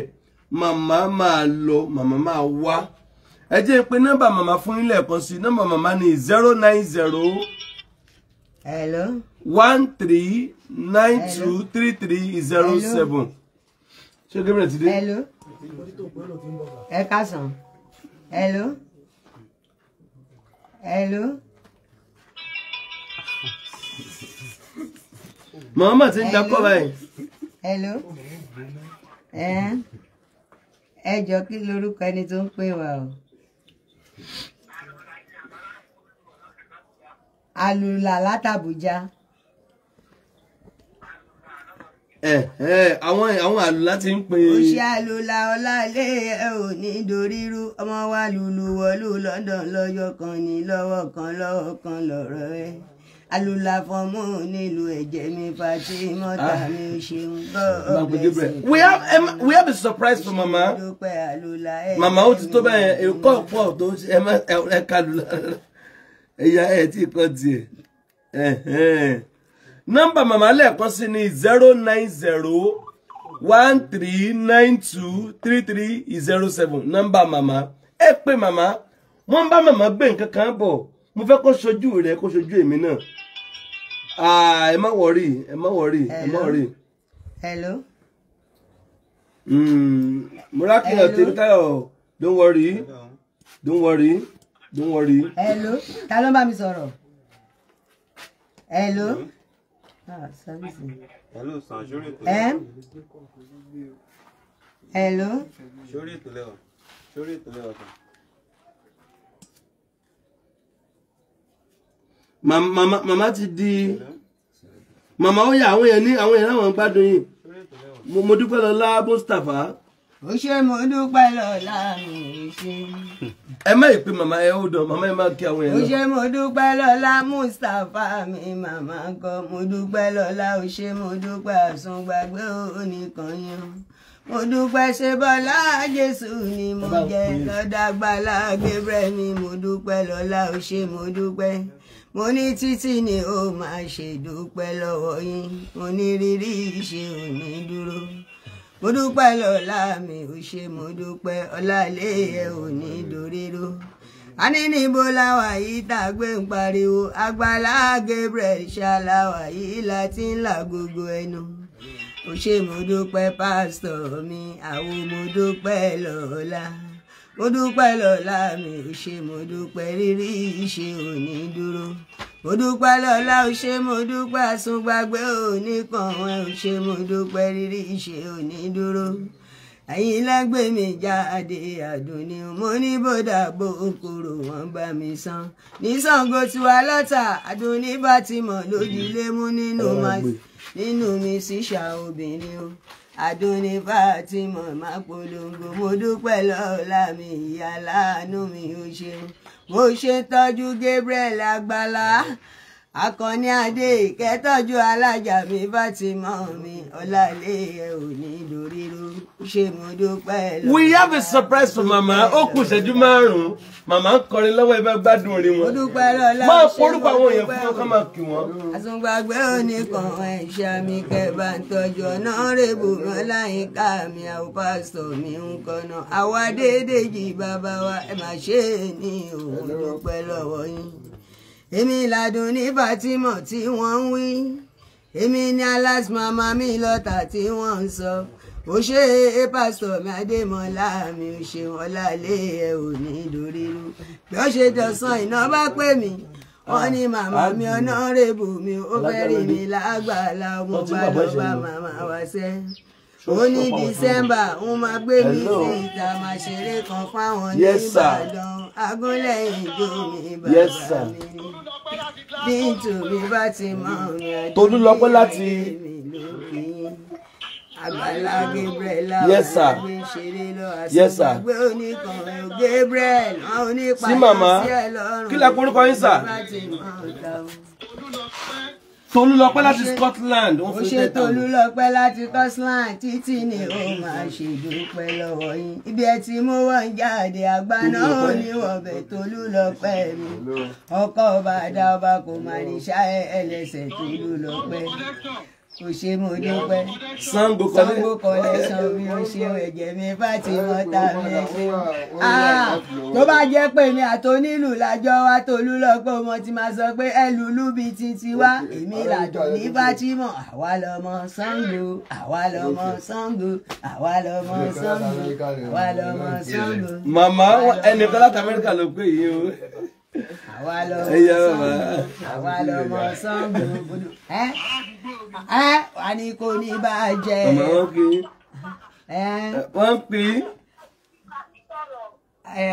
màmá máa lọ màmá máa wá ẹ jẹ́ pé nọ́mbà màmá fún yín lẹ́ẹ̀kan sí nọ́mbà màmá ní zero nine zero. hello. one three nine two three three hello. É kásán hello hello. mọ̀ọ́mọ̀ ti ń dakọ́ báyìí. hello É? É kí lorúkọ ẹni tó ń pè wá o. alùlà látàbújá àwọn àwọn àlùlá ti ń pè é. òṣì àlùlá ọláìlé ẹ ò ní dorírú ọmọ wa lulu wọlú London lọ́jọ́ kan ní lọ́wọ́ kan lọ́wọ́ kan lọ́rọ̀ ẹ àlùlá fọmú nílùú ẹ̀jẹ̀ mi fati mọ́ta mi ò ṣeun bọ́ọ̀ we have we have a surprise for mama mama ó ti tó bẹ́ẹ̀ ẹ̀kọ́ pọ̀ tó ẹ má ẹ kálù lára ẹ̀yà ẹ̀ tí kò tiẹ̀ nọ́mbà màmá lẹ́ẹ̀kan sí ni zero nine zero one three nine two three three zero seven nọ́mbà màmá ẹ pé màmá wọ́n bá màmá gbé nǹkan kan bọ̀ mo fẹ́ kó ṣojú rẹ kó ṣojú èmi náà ah, ẹ má wọrí ẹ má wọrí ẹ hello. muraki hmm, ọtẹrikayo don't worry don't worry don't worry. hello ta ló ń mi sọ̀rọ̀. hello. hello? Ah, hello san sórí ètò lẹ́wà. Eh? hello. sórí ètò lẹ́wà sórí ètò lẹ́wà kan. màmá màmá ti di màmá ó yà àwọn yẹn ní àwọn yẹn láwọn ń gbádùn yìí mo dúpẹ́ lọ́lá Mustapha ó ṣe mo dúpẹ́ mi ṣe. ẹ má ìpè màmá ẹ ó dán màmá ẹ má kí àwọn èèyàn. ó ṣe mo dúpẹ́ lọ́la Mustapha mi màmá kan mo dúpẹ́ lọ́la ó ṣe mo dúpẹ́ àsùngbàgbé onìkan yan mo dúpẹ́ ṣe bọ́lá jésù ni mo jẹ́ lọ́dàgbàlá Gabriel ni mo dúpẹ́ lọ́la ó ṣe mo dúpẹ́ mo ní títí ni ó máa ṣe dúpẹ́ lọ́wọ́ yín mo ní rírí ìṣe òní dúró mo dúpẹ́ lọ́la mi ò ṣe mo dúpẹ́ ọlá ilé ẹ ò ní doréró a ní níbo láwa yìí tá a gbé ń pariwo Agbala Gabriel ṣaláwa yìí láti ń là gbogbo ẹnu mo ṣe mo dúpẹ́ pásítọ̀ mi àwọn mo dúpẹ́ lọ́la mo dúpẹ́ lọ́la mi ò ṣe mo dúpẹ́ rírí ìṣe ò ní dúró mo dúpẹ́ lọ́lá ò ṣe mo dúpẹ́ àsùngbàgbé òní kan ẹ ò ṣe mo dúpẹ́ rírí ìṣe òní dúró ẹ̀yin lágbèmí jáde àdùnní mo ní bódà bó okòrò wọn bá mi san ní Ṣàngó tiwa lọ́tà àdùnní bá ti mọ̀ lójúlé mú nínú mi ṣíṣà obìnrin o àdúní Fátímọ̀ má polongo mo dúpẹ́ lọ́la mi ìyá láàánú mi ó ṣeun mo ṣe tọ́jú Gabriel Àgbàlá akọni adé ìkẹtọjú alájà mi bá ti mọ mi ọlálẹ ẹ ò ní lórí ro ṣé mo dúpẹ́ we have a surprise for mama ó kù ṣẹ́jú márùn-ún màmá ń kọrin lọ́wọ́ ẹ bá gbádùn orin wọn. olùpẹ̀ lọ́la máa porúkọ àwọn èèyàn fún wọn ká máa kí wọn. àsùngbàgbé òní kan ẹ̀ṣẹ̀ mi kẹba ń tọ́jú ọ̀nà rẹ̀bù mọ́ láyìíká mi àwọn pásítọ̀ mi ń kọ́nà àwa déédéé jì bàbá wa ẹ̀ máa ṣe é ní òun dúpẹ́ lọ́wọ́ yín. èmi ládùn ní Fatima tí wọ́n ń wí èmi ní alásùmọ̀ màmí lọ́tà tí wọ́n ń sọ. So ó ṣe é pásítọ̀ mi adémọlá mi ò ṣeun ọlálẹ ẹ ò ní dorírú bí ó ṣe dọ̀sán iná bá pè mí wọ́n ní màmá ah, mi ah, ọ̀nà rèébù mi ó fẹ́ rí mi lágbàlá ọmọ bàdọ́bà màmá wá sẹ́ ó ní December ń máa gbé mi sí ìta máa ṣeré kan fáwọn níbàdàn agúnlẹ̀yìn ìjó mi bàbá mi bíntù mi bá ti mọ̀ mi àdúgbò mi lórí yes sir yes sir sí màmá kí lè korúkọ yín sà Tolúlọpẹ́ láti Scotland ó ṣe Tolúlọpẹ́ láti Scotland títí ni ó máa ṣe dúpẹ́ lọ́wọ́ yín ibi ẹ ti mú wọn jáde àgbà náà ó ní wọn bẹ Tolúlọpẹ́ mi ọkọ ọba àdá ọba kò má ní ṣá ẹlẹ́sẹ̀ Tolúlọpẹ́ o ṣe mo dúpẹ́ Ṣàngó kọlẹ̀ ṣan mi o ṣe ẹ̀jẹ̀ mi bá ti mọ ta mi ẹ ṣe ah, tó bá jẹ́ pé mi àtonílù lájọ wa tolú lọ́pọ̀ mo ti máa sọ pé ẹ lùlù bíi titi wá èmi làjọ ní Fátímọ̀ àwa lọmọ Ṣàngó àwa lọmọ Ṣàngó àwa lọmọ Ṣàngó àwa lọmọ Ṣàngó. màmá ẹni tó láti Amẹ́ríkà ló pè yìí o àwa lọmọ Ṣàngó àwa lọmọ Ṣàngó ẹ ẹ wà ní kò ní bàjẹ́ ẹ wọ́n pè é.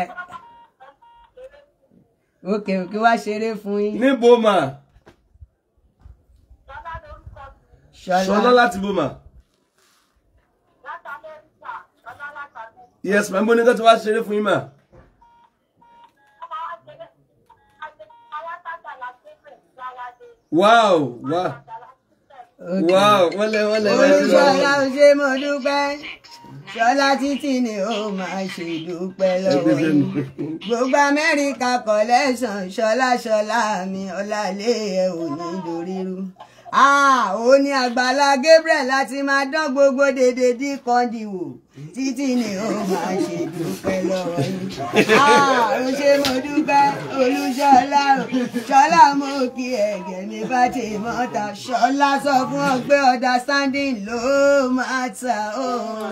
òkè òkè wá ṣeré fún yín. níbo mà. ṣọlá láti bò yes màá ń bọ́ ní ká tó wá ṣeré fún yín mà. wow wow wow wọlé wọlé wọlé. ó ṣe mo dúpẹ́ ṣọlá títí ni ó máa ṣe dúpẹ́ lọ́wọ́ yìí gbogbo amẹ́ríkà kọ̀lẹ́sàn ṣọlá ṣọlá mi ọ̀làlẹ́ ẹ̀ ò ní dorí rú ó ah, ní àgbàlá Gabriel láti máa dán gbogbo dèdè dí kọ́ndì wò títí ni ó máa ṣe dúpẹ́ lọ́wọ́ yìí. Ah, ó ṣe mo dúpẹ́ olúṣọlá o ṣọlá mo kí ẹ̀gẹ́ mi bá ti mọ́ta ṣọlá sọ fún ọ pé understanding ló máa ta òun.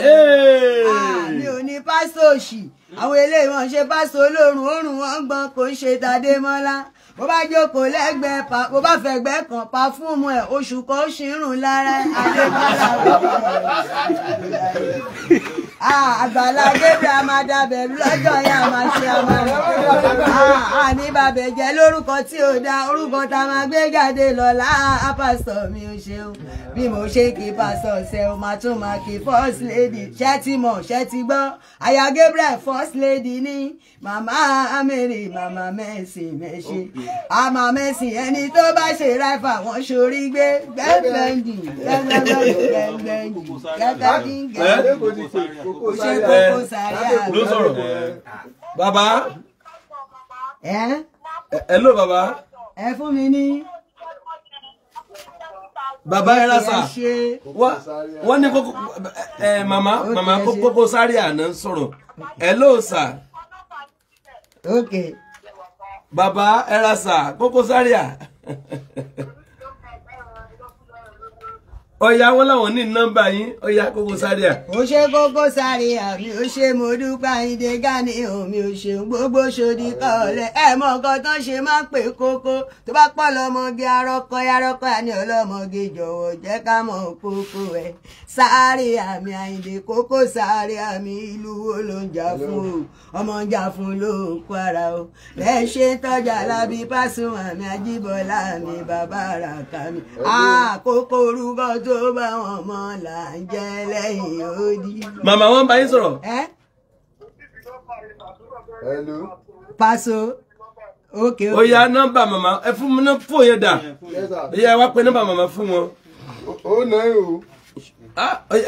Ah, mi ò ní pásítọ̀ òṣì àwọn eléyìí wọn ṣe pásítọ̀ olórun òórùn wọn gbọ́n kò ń ṣe tàdémọ́lá bó bá jókòó lẹ́gbẹ̀ẹ́ pa bó bá fẹ̀gbẹ́ kan pa fún ọmọ ẹ̀ oṣù kan ó ṣì ń rùn lára adébálà ah, àgbàlá gébé a máa dabẹ̀ lọ́jọ́ yẹn a máa ṣe àmàlà ah, àní bàbẹ̀ jẹ́ lórúkọ tí ò da orúkọ tá a máa gbé jáde lọ́la ah, pásítọ̀ mi ò ṣeun bí mo ṣe kí pásítọ̀ ṣe o máa tún máa kí first lady ṣẹ́ ti mọ̀ ṣẹ́ ti gbọ́ àyà Gabriel first lady ni màmá amẹ́rì màmá mẹ́sì mẹ́ṣe a máa mẹ́sìn ẹni tó bá ṣe ráìfà wọ́n ṣorí gbé gbẹ́gbẹ́ndì gbẹ́gbẹ́ndì gbẹ́gbẹ́ndì gẹ́gẹ́dì gẹ́gbẹ́ndì kò ṣe kókó sàárẹ̀ àná. ló sọ̀rọ̀ bàbá ẹ ló bàbá. ẹ fún mi ní. Bàbá ẹ rasa wọ́n ní kókó ẹ màmá màmá kókó sáré àná sọ̀rọ̀ ẹ lóòsà. Okay. Baba, bàbá ẹrasà Koko Zaria Oya wọn làwọn ní nọ́mbà yín ọ̀yà Koko Zaria. ó ṣe Koko Zaria mi ó ṣe mo dúpẹ́ Ayinde Gani mi ò ṣe gbogbo ṣòdì kọ́ọ̀lẹ̀ ẹ̀ mọ nǹkan tó ń ṣe máa ń pè kókó tó bá pọ̀ lọ́mọge arọ́kọ arọ́kọ àní ọlọ́mọge jọ̀wọ́ jẹ́ ká mọ̀ kókó ẹ̀ Zaria mi Ayinde Koko Zaria mi ìlú wo ló ń jà fún o ọmọ ń jà fún ló ń kó ara o lẹ́ṣẹ̀ tọ́jà lábí Pasuma mi Ajíbọ́lá mi bàbá àràkà mi àkókò ah, orúkọ t tó bá wọn mọ là ń jẹ lẹ́yìn odi. màmá wọn bá yín sọ̀rọ̀. ẹ. hello. paṣọ ok ok. ó yá Mama? màmá ẹ fún mi náà fóònù yẹn dà ẹ wá pé nọ́mbà màmá fún wọn. ó náà o.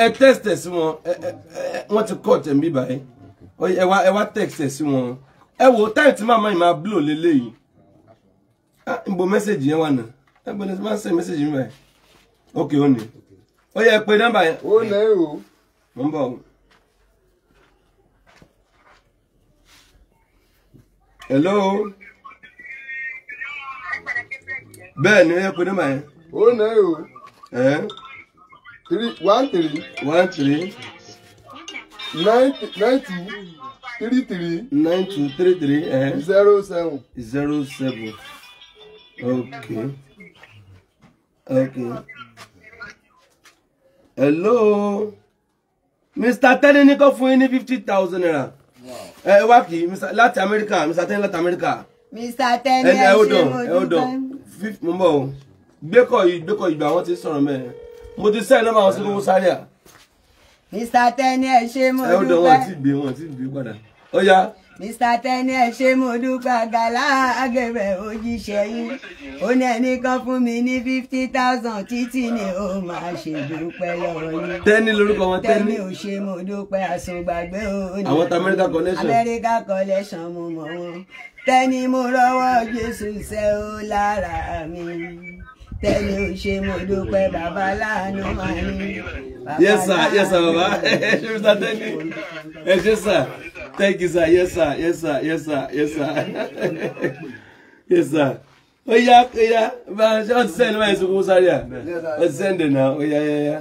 ẹ text ẹ sí wọn wọn ti kọ tẹ̀ ń bí báyìí ẹ wá ẹ wá text ẹ sí wọn ẹ wo táyì tí màmá yìí máa blow lélẹ́yìí. ah n bo message yẹn wà náà ẹ gbọ́dọ̀ tí wọ́n á send message mi báyìí ok ó ní ó yẹ pé nọ́mbà yẹn. ó lẹ́ o. mo ń bọ̀ hello. bẹ́ẹ̀ ni ó yẹ pé nọ́mbà yẹn. ó lẹ́ o. ẹ̀. three one three. one three. nine nine two three three. nine two three three. Eh? zero seven. zero seven. okay. okay hello mr tẹni ní kó fún yín ní fifty thousand naira Wow. Eh, kì Mr. láti America, mr tẹni láti America. mr tẹni ẹ ṣe mo dúpẹ́. mo bọ̀ o gbẹ́kọ̀ yìí gbẹ́kọ̀ ìgbà wọn ti sọ̀rọ̀ mẹ́rin mo ti sẹ́yìn nọ́mbà wọn sí gbogbo sáré à. mr tẹni ẹ ṣe mo dúpẹ́. ẹ ó dán wọn ti gbé wọn ti gbé padà Oh yeah. Mr. Tẹ́ni ẹ ṣé mo dúpẹ́ àgàlá àgẹ̀bẹ̀ òjíṣẹ́ yìí ó ní ẹnìkan fún mi ní fifty thousand títí ni ó máa ṣe dúpẹ́ lọ́wọ́ yìí. Tẹ́ni lórúkọ wọn Tẹ́ni. Tẹ́ni ò ṣe mo dúpẹ́ àsùngbàgbé òní. àwọn tí America collection. America collection mo mọ̀ wọn Tẹ́ni mo rọwọ́ Jésù ṣẹ́ ó lára mi tẹ́lẹ̀ ò ṣe mo dúpẹ́ bàbá láàánú máa ní. yes sir yes sir baba ẹ ṣe mr tẹ́lẹ̀ ẹ ṣe sir thank you sir yes sir yes sir yes sir yes sir yes sir ó yá ó yá bá a ṣe ọ́ ti sẹ́yìn ní báyìí sọ́kún sáré à ó ti sẹ́yìn dènà ó yá yá yá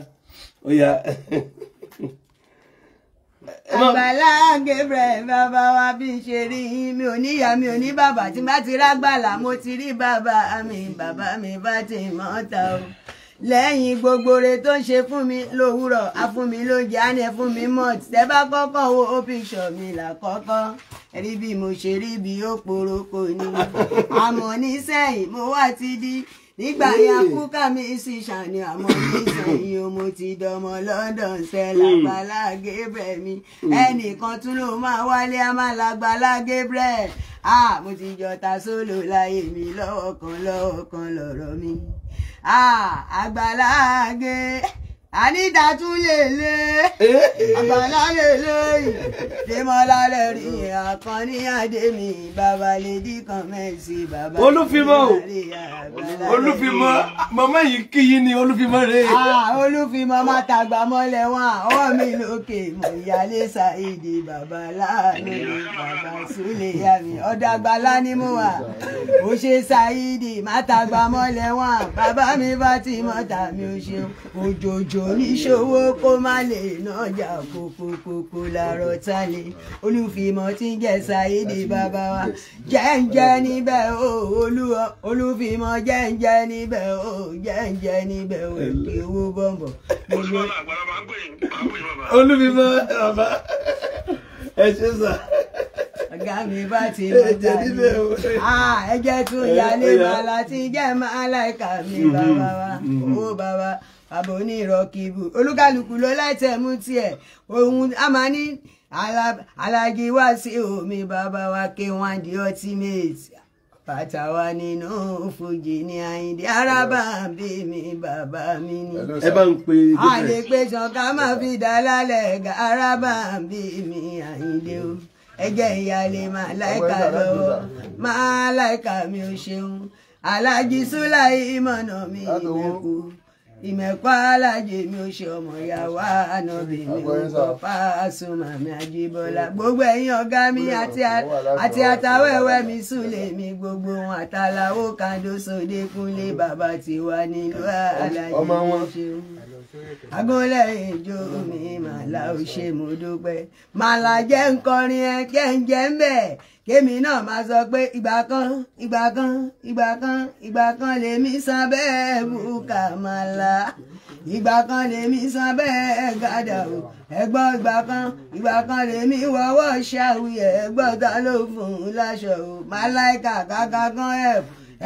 ó yá. àgbàlá Gabriel bàbá wa bí n ṣe rí mi ò níyá mi ò ní bàbá tí bá ti rágbàlà mo ti rí bàbá mi bàbá mi bá ti mọ́ ta o lẹ́yìn gbogbo re tó ń ṣe fún mi lówùrọ̀ afúnmi ló jẹ́ àná fún mi mọ̀ tẹ́ bá kọ́kọ́ wo ó píṣọ̀ mi làkọ́kọ́ rí bí mo ṣe rí bí ó poroko ni àmọ́ nísẹ́yìn mo wá ti di nígbà yẹn kú kámi sí ṣàní àmọ́ nísìnyí mo ti dọmọ London sẹ́lá gbàlá Gabriel mi ẹnìkan tún ló máa wálé a máa la gbàlá ah mo ti jọta sólò láyé mi lọ́wọ́ kan lọ́wọ́ kan lọ́rọ̀ mi ah àgbàlá àníta tún lè lé eh? àgbàlá lè lé ìdèmọ́lá lè rí àkànní àdèmí bàbá lè dìkan mẹ́sì bàbá olúfimọ́ olúfimọ́ màmá yìí kí yín ni olúfimọ́ rè é. olúfimọ́ má tàgbà mọ́lẹ̀ wọn ọwọ́ mi lókè mọ̀ ìyálé ṣàìdì bàbá láàánú bàbá súlẹ̀ yá mi ọ̀dọ̀ àgbàlá ni mo wà ó ṣe ṣàìdì má tàgbà mọ́lẹ̀ wọn bàbá mi bá ti mọ́ta mi ò ṣeun ojoojó ṣoníṣòwò kó má lè nájà kókókókó làárọ̀ ta ni olùfìmọ̀ tí ń jẹ́ ṣáídì bàbá wa jẹ́ǹjẹ́ níbẹ̀ o olúwa olùfìmọ̀ jẹ́ǹjẹ́ níbẹ̀ o jẹ́ǹjẹ́ níbẹ̀ o èké owó bọ̀m̀bọ̀. olùfìmọ̀ bàbá ẹ ṣe sà ọ̀gá mi bá ti mọ̀ jáde ẹ̀jẹ̀ tún yálé màlá tí jẹ́ màláìka mi mm-hmm. bàbá wa mm-hmm àbò ní ìrọ̀kìbù olúkálùkù ló lẹ́tẹ̀ mú tiẹ̀ ohun a máa ní alájí wá sí omi bàbá wa ké wọn di ultimate bàtà wa nínú fújì ní àyíndé arábà bí mi bàbá mi ni. ẹ bá ń pe difference. a lè pe ṣọ̀ká máa fi dá ga arábà bí mi àyíndé o ẹ ìyáálé máa láìka lọ́wọ́ máa láìka mi ò ṣeun alájí súláì ìmọ̀nà mi ìmẹ̀kù ìmẹ̀kọ́ alájẹ mi ò ṣe ọmọ ìyàwó ànábì mi ò kọ́ Pasuma mi Àjíbọ́lá gbogbo ẹ̀yin ọ̀gá mi àti àtàwẹ̀wẹ̀ mi súlẹ̀ mi gbogbo wọn àtàlàwò kando sóde kúnlé bàbá tiwa nílùú alájẹ mi ò ṣe agolẹ ìjó mi màlá ò ṣe mo dúpẹ́ màlá jẹ́ ń kọrin ẹ jẹ́ ń jẹ́ ń bẹ́ẹ̀ kémi náà máa sọ pé ìgbà kan ìgbà kan ìgbà kan ìgbà kan mi san bẹ́ẹ̀ bùkà màlá ìgbà kan mi san bẹ́ẹ̀ gàdà o ẹgbọ́n ìgbà kan ìgbà kan lèmi wọ́wọ́ ṣàwùyẹ ẹgbọ́n ta ló fún un láṣọ o màláìkà kàkà kan ẹ̀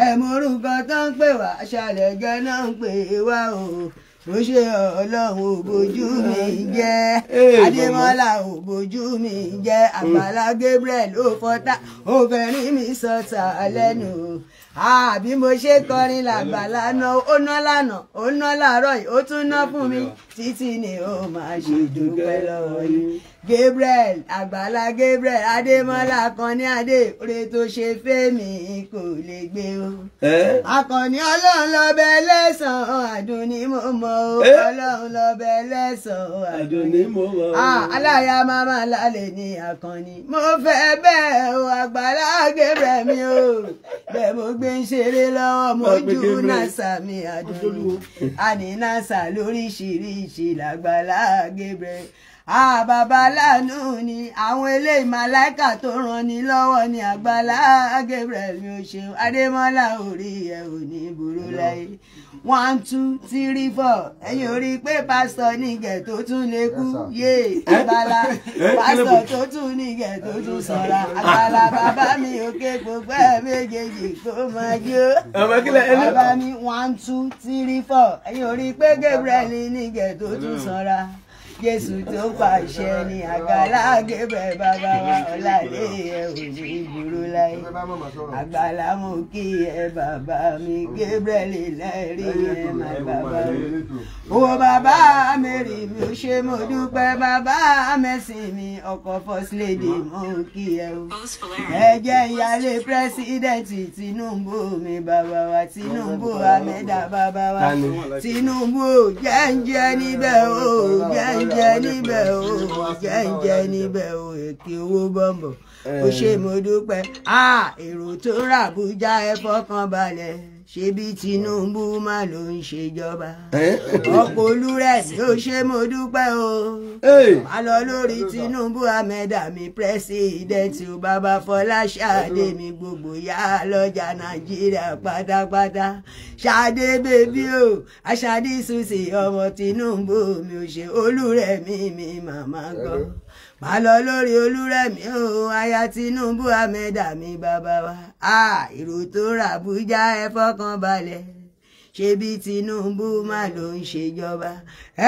ẹ̀ mú orúkọ tán pè wá ṣàlẹ̀ jẹ́ náà ń pè wá o bó ṣe ọlọ́run ò bójú mi jẹ́ adémọ́lá mm. ò mi jẹ́ àgbàlá Gabriel ò fọ́tá ò fẹ́rí mi sọ̀tà lẹ́nu mm. àbí mo ṣe kọrin làgbàlá náà ó ná lánàá ó ná làárọ̀ yìí ó tún ná fún mi títí ni ó máa ṣe dúpẹ́ lọ́wọ́ yìí. Gabriel agbala Gabriel Adémọ́lá akọni adé oore tó ṣe fẹ́mi kò lè gbé o. akọni ọlọ́run lọ́bẹ lẹ́sàn-án àdùn ni mo mọ̀ o ọlọ́run lọ́bẹ lẹ́sàn-án àdùn ni mo mọ̀ o. aláya màmá lálẹ́ ni akọni mo fẹ́ bẹ́ẹ̀ o àgbàlá Gabriel mi o bẹ́ẹ̀ mo gbé ń ṣeré lọ́wọ́ mo ju nasa mi àdùn àní nasa lóríṣiríṣi làgbàlá Gabriel àbàbálànù ni àwọn eléyìí màláìkà tó ràn ní lọ́wọ́ ni àgbàlá Gabriel mi ò ṣeun adémọ́lá orí ẹ̀ ò ní burú láyé one two three four ẹ̀yin orí pé pásítọ̀ nìgẹ̀ tó tún lè kú yé eh? àgbàlá eh? pásítọ̀ tó tún nìgẹ̀ tó tún sọ̀ra àgbàlá bàbá mi òkè gbogbo ẹ̀ méjèèjì kó máa jó bàbá mi one two three four ẹ̀yin orí pé Gabriel nìgẹ̀ tó tún sọ̀ra jésù tó pàṣẹ ni àgbàlá gébẹ̀ bàbá wa ọ̀làdé ẹ ò ní dúró láyé àgbàlá mo kí ẹ bàbá mi Gabriel lẹ́rìí ẹ má bàbá mi. wo bàbá mẹ́rì mi ò ṣe mo dúpẹ́ bàbá mẹ́sìn mi ọkọ̀ first lady mo kí ẹ o. ẹ jẹ́ ìyáálé pírẹ́sídẹ̀ntì Tinubu mi bàbá wa Tinubu amẹ́dá bàbá wa Tinubu jẹ́ǹjẹ́ níbẹ̀ o jẹ́ǹjẹ́ jẹ níbẹ̀ o jẹ́ ń jẹ níbẹ̀ o èkì owó bọ̀m̀bọ̀ ó eh. ṣe mo dúpẹ́ ah, èrò tó rà Àbújá ẹ fọkàn balẹ̀ ṣebí Tinubu má ló ń ṣèjọba ọ̀pọ̀ olúrẹ̀ ló ṣe mo dúpẹ́ o a lọ lórí Tinubu amẹ́dà mi pírẹ́sìdẹ̀ntì bàbá Fọláṣadé mi gbogbo yá lọ́jà Nàìjíríà pátápátá Ṣadé bèbí o Aṣadé Susi ọmọ Tinubu mi ò ṣe olúrẹ̀ mi mi màmá gan màá lọ lórí olúrẹ̀mí o aya tinubu amẹ́dà mi bàbá wa èrò tó rà àbújá ẹ fọkàn balẹ̀ ṣebí tinubu mà ló ń ṣèjọba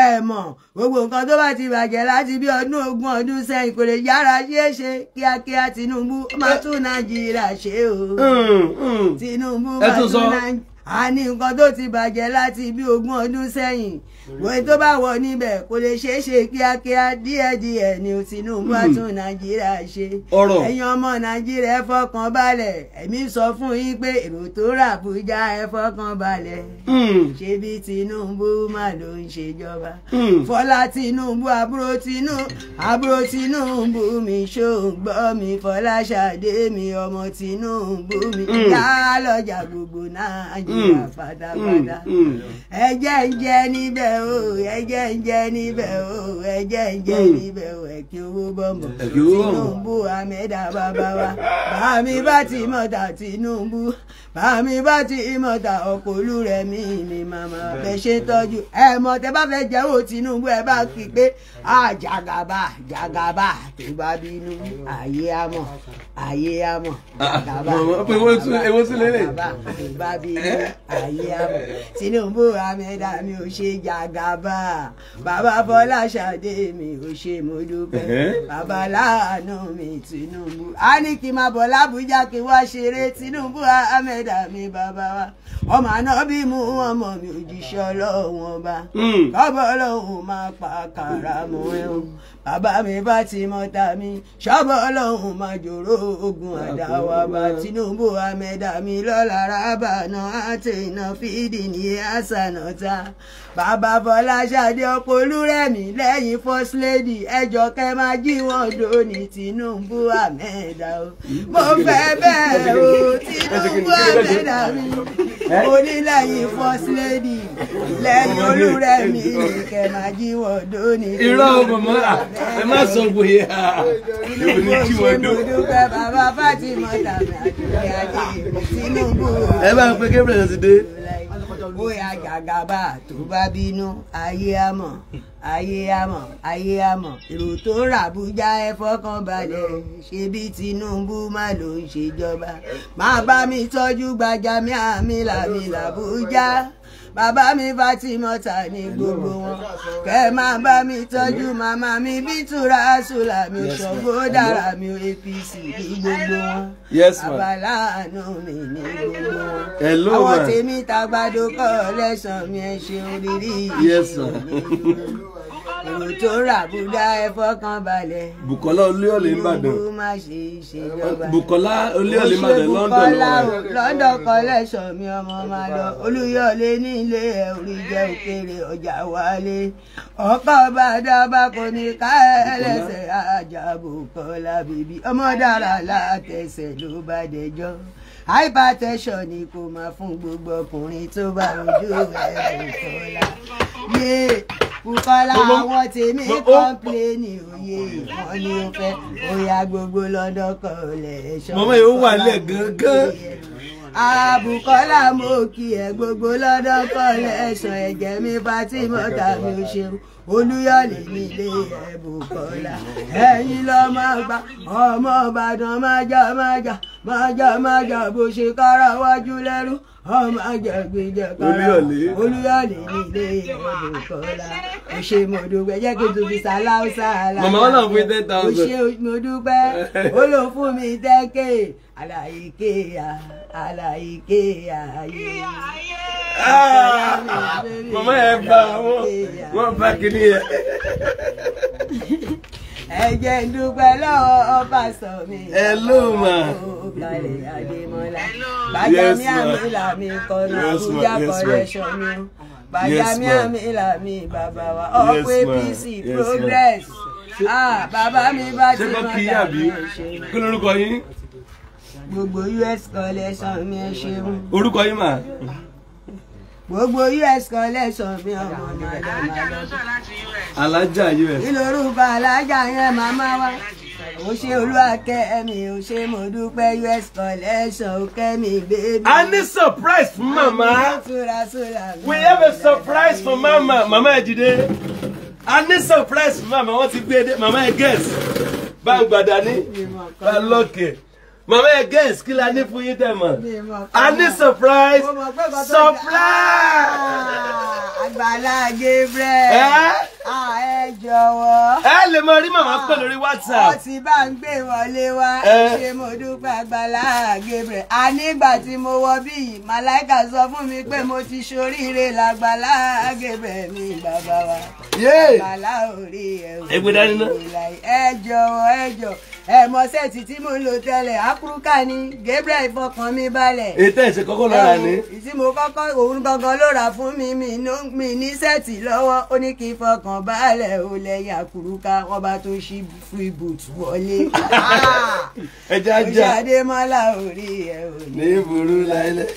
ẹ mọ̀ gbogbo nǹkan tó bá ti bàjẹ́ láti bí ọdún ogún ọdún sẹ́yìn kò lè yára ṣeéṣe kíákíá tinubu má tún nàìjíríà ṣe o hmm, hmm. tinubu má tún nàìjíríà a ní nǹkan tó ti bàjẹ́ láti bí ogún ọdún sẹ́yìn wọ́n tó bá wọ níbẹ̀ kò lè ṣeé ṣe kíákíá díẹ̀díẹ̀ ni Tinubu á tún hmm. Nàìjíríà ṣe ẹ̀yin ọmọ Nàìjíríà ẹ fọkàn balẹ̀ èmi sọ fún yín pé èrò tó rà Àbújá ẹ fọkàn balẹ̀ hmm. ṣebí Tinubu mà ló ń ṣèjọba hmm. Fọlá Tinubu àbúrò Tinubu àbúrò Tinubu mi ṣó mi Fọlá Ṣadé mi ọmọ Tinubu mi yá lọ́jà gbogbo Nàìjíríà pátápátá ẹ jẹ́ ń jẹ́ níbẹ̀ o ẹjẹ ń jẹ níbẹ̀ o ẹjẹ ń jẹ hmm. níbẹ̀ o ẹkí owó bọ̀m̀bọ̀ Tinubu amẹ́dá bàbá wa bàmí bá ti mọ̀ta Tinubu bàmí bá ti mọ̀ta ọkọ̀ olú rẹ̀ mí ni màmá bẹ́ ṣe tọ́jú ẹ mọ̀ tẹ́ bá fẹ́ jẹ́ owó Tinubu ẹ bá Tinubu amẹ́dá mi ò ṣe jà àgàbà bàbá Fọláṣadé mi ò ṣe mo dúpẹ́ bàbá láàánú mi Tinubu a ní kí n máa bọ̀ lábújá kí n wá ṣeré Tinubu Ahmed mi bàbá wa ọmọ anábì mú ọmọ mi òjíṣẹ́ ọlọ́run ọba hmm. kábọ̀ ọlọ́run máa pa kàrà mọ́ ẹ o bàbá mi bá ti mọ́ta mi ṣọ́bọ̀ ọlọ́run máa jòrò ogun àdáwà bá Tinubu amẹ́dá mi lọ́la rábà náà àti iná fídì ní àṣànà ta bàbá Fọláṣadé ọ̀pọ̀ olúrẹ̀mí lẹ́yìn first lady ẹjọ́ kẹ́ máa jí wọn dò ní Tinubu amẹ́dá o mo fẹ́ bẹ́ẹ̀ o Tinubu amẹ́dá mi onílẹ̀yìn first lady lẹ́yìn olúrẹ̀mí kẹ̀ máa jíwọ̀ dóni. irọ́ mọ̀mọ́ ẹ má sọ bóyá èwo ni jíwọ̀ dó. mo dúpẹ́ bàbá Fátímọ̀ tàbí àjọyọ̀ àjẹ́ Tinubu. ẹ bá ń pe Gabriel ti dé ó yà jàgàbà tó bá bínú ayé àmọ́ ayé àmọ́ ayé àmọ́ èrò tó ń ra Àbújá ẹ fọkàn balẹ̀ ṣebí Tinubu má ló ń ṣèjọba má bá mi tọ́jú gbajàmí àmì làmì Baba mi bá ti mọ́ta ní gbogbo wọn kẹ́ máa bá mi tọ́jú màmá mi bí tura sùlà mi ṣògo dára mi APC ní gbogbo wọn abala àánú mi ní gbogbo wọn àwọn tèmi tàgbàdo kọ́ lẹ́sàn-án mi ẹ ṣeun rírí èrò tó rà búdá ẹ fọkàn balẹ̀. Bùkọ́lá Olúyọ̀lé Ìbàdàn. ìlú má Ìbàdàn London lọ́wọ́. London collection mi ọmọ máa lọ Olúyọ̀lé nílé ẹ̀ orí jẹ́ òkèrè ọjà wálé ọ̀pá ọba àdàbà kò ní ká ẹlẹ́sẹ̀ ajá Bùkọ́lá bèbí ọmọ dára látẹsẹ̀ ló bá dẹjọ́ hypertension ni kò máa fún gbogbo ọkùnrin tó bá rojú ẹ̀ Bùkọ́lá. Bùkọ́lá àwọn tèmi kọ́ńpléènì òye wọn ni ó fẹ́ òyà gbogbo lọ́dọ̀ kọlẹ̀ ṣọ́ọ́. mọ́mọ́ yóò wà lẹ̀ gángan. Àbùkọ́lá mo kí ẹ gbogbo lọ́dọ̀ kọlẹ̀ ẹ̀sán ẹ̀jẹ̀ mi bá tí mo tàbí o ṣeun olúyọ̀lé nílé ẹ̀bùkọ́lá ẹ̀yin lọ́mọ gba ọmọ Ìbàdàn májà májà májà májà bó ṣe kára wájú lẹ́rú ọmọ àjàgbéjọba olúyọ̀lé nílé olùkọ́lá o ṣe mo dúpẹ́ jẹ́ kí n tún fi sàlá ó sàlá màmá ó lọ fún ten thousand o ṣe mo dúpẹ́ ó lọ fún mi tẹ́kẹ̀ àlàyéké àlàyéké ààyè. Ah! màmá yẹn bá wọn bá kiri yẹn ẹ jẹ́ n dúpẹ́ lọ́wọ́ Ọbásanmi. ẹ ló mà. balẹ̀ Adémọ́lá. bàjámi àmì làmì kọ́nà Àbújá correction mi. bàjámi àmì làmì bàbá wa ọ̀pọ̀ APC progress. Ah, bàbá mi bá ti mọ̀ dàbí ẹ̀ṣẹ̀. kí lorúkọ yín. gbogbo US collection mi ẹ ṣeun. orúkọ yín mà gbogbo us collection mi ọmọ màdà màdà. alájà us. ìlórúkọ alájà yẹn màmá wa ó ṣe olúwakẹ́ mi ó ṣe mo dúpẹ́ us collection ó kẹ́ mi bébí. a ní surprise fún màmá. we have a surprise for mama mama ẹ jìde. a ní surprise fún màmá wọ́n ti gbé e dé màmá ẹ bá gbàdá ní bá lọ́kẹ̀ẹ́ mama ẹ gẹ́ǹsì kí la ní fún yín tẹ̀ mọ̀ a surprise surprise. Ah, àgbàlá Gabriel. ẹ ah, ẹ jọ̀wọ́. le mari, mama, rí màmá ah, WhatsApp. wọ́n ti bá ń gbé wọlé wá. ṣé mo dúpẹ́ Àgbàlá Gabriel. a nígbà tí mo wọ bí yìí màláìkà sọ mi pé mo ti ṣoríire làgbàlá Gabriel mi bàbá wa. àgbàlá orí ẹ̀ na. ẹ jọ̀wọ́ ẹ jọ̀wọ́ ẹ mọ sẹ́ẹ̀tì tí mò ń lò tẹ́lẹ̀ áfúrúkà ni Gabriel fọkàn mi balẹ̀. ètò ẹ̀sìn kọ́kọ́ lọ́ra ni. ìtí mo kọ́kọ́ òun gangan ló rà fún mi mi ní sẹ́ẹ̀tì lọ́wọ́ ó ní kí n fọkàn balẹ̀ ó lẹ́yìn áfúrúkà wọ́n bá tó ṣí free boot wọlé. ẹ jẹ́ ajá. oṣù adémọ́lá orí ẹ̀ ò ní. ní burú láìlẹ̀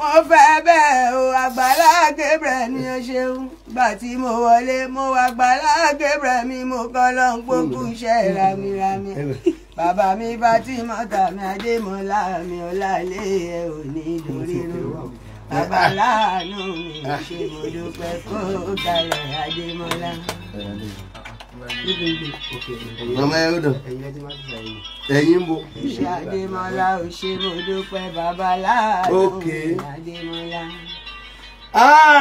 mo fẹ́ bẹ́ẹ̀ o Àgbàlá Gabriel ni o ṣeun gbà tí mo wọlé mo wà Àgbàlá mi mo kọ́ lọ ń gbógun iṣẹ́ ramirami bàbá mi bá tí mọ́tà mi Adémọ́lá mi ọ̀làlẹ́ ẹ̀ ò ní lórí rú bàbá mi ṣe mo dúpẹ́ kó dalẹ̀ Adémọ́lá mama ẹ dọ ẹyin bo. ṣàdémọ́lá ò ṣe mo dúpẹ́ babaláàdó ṣàdémọ́lá. Ah!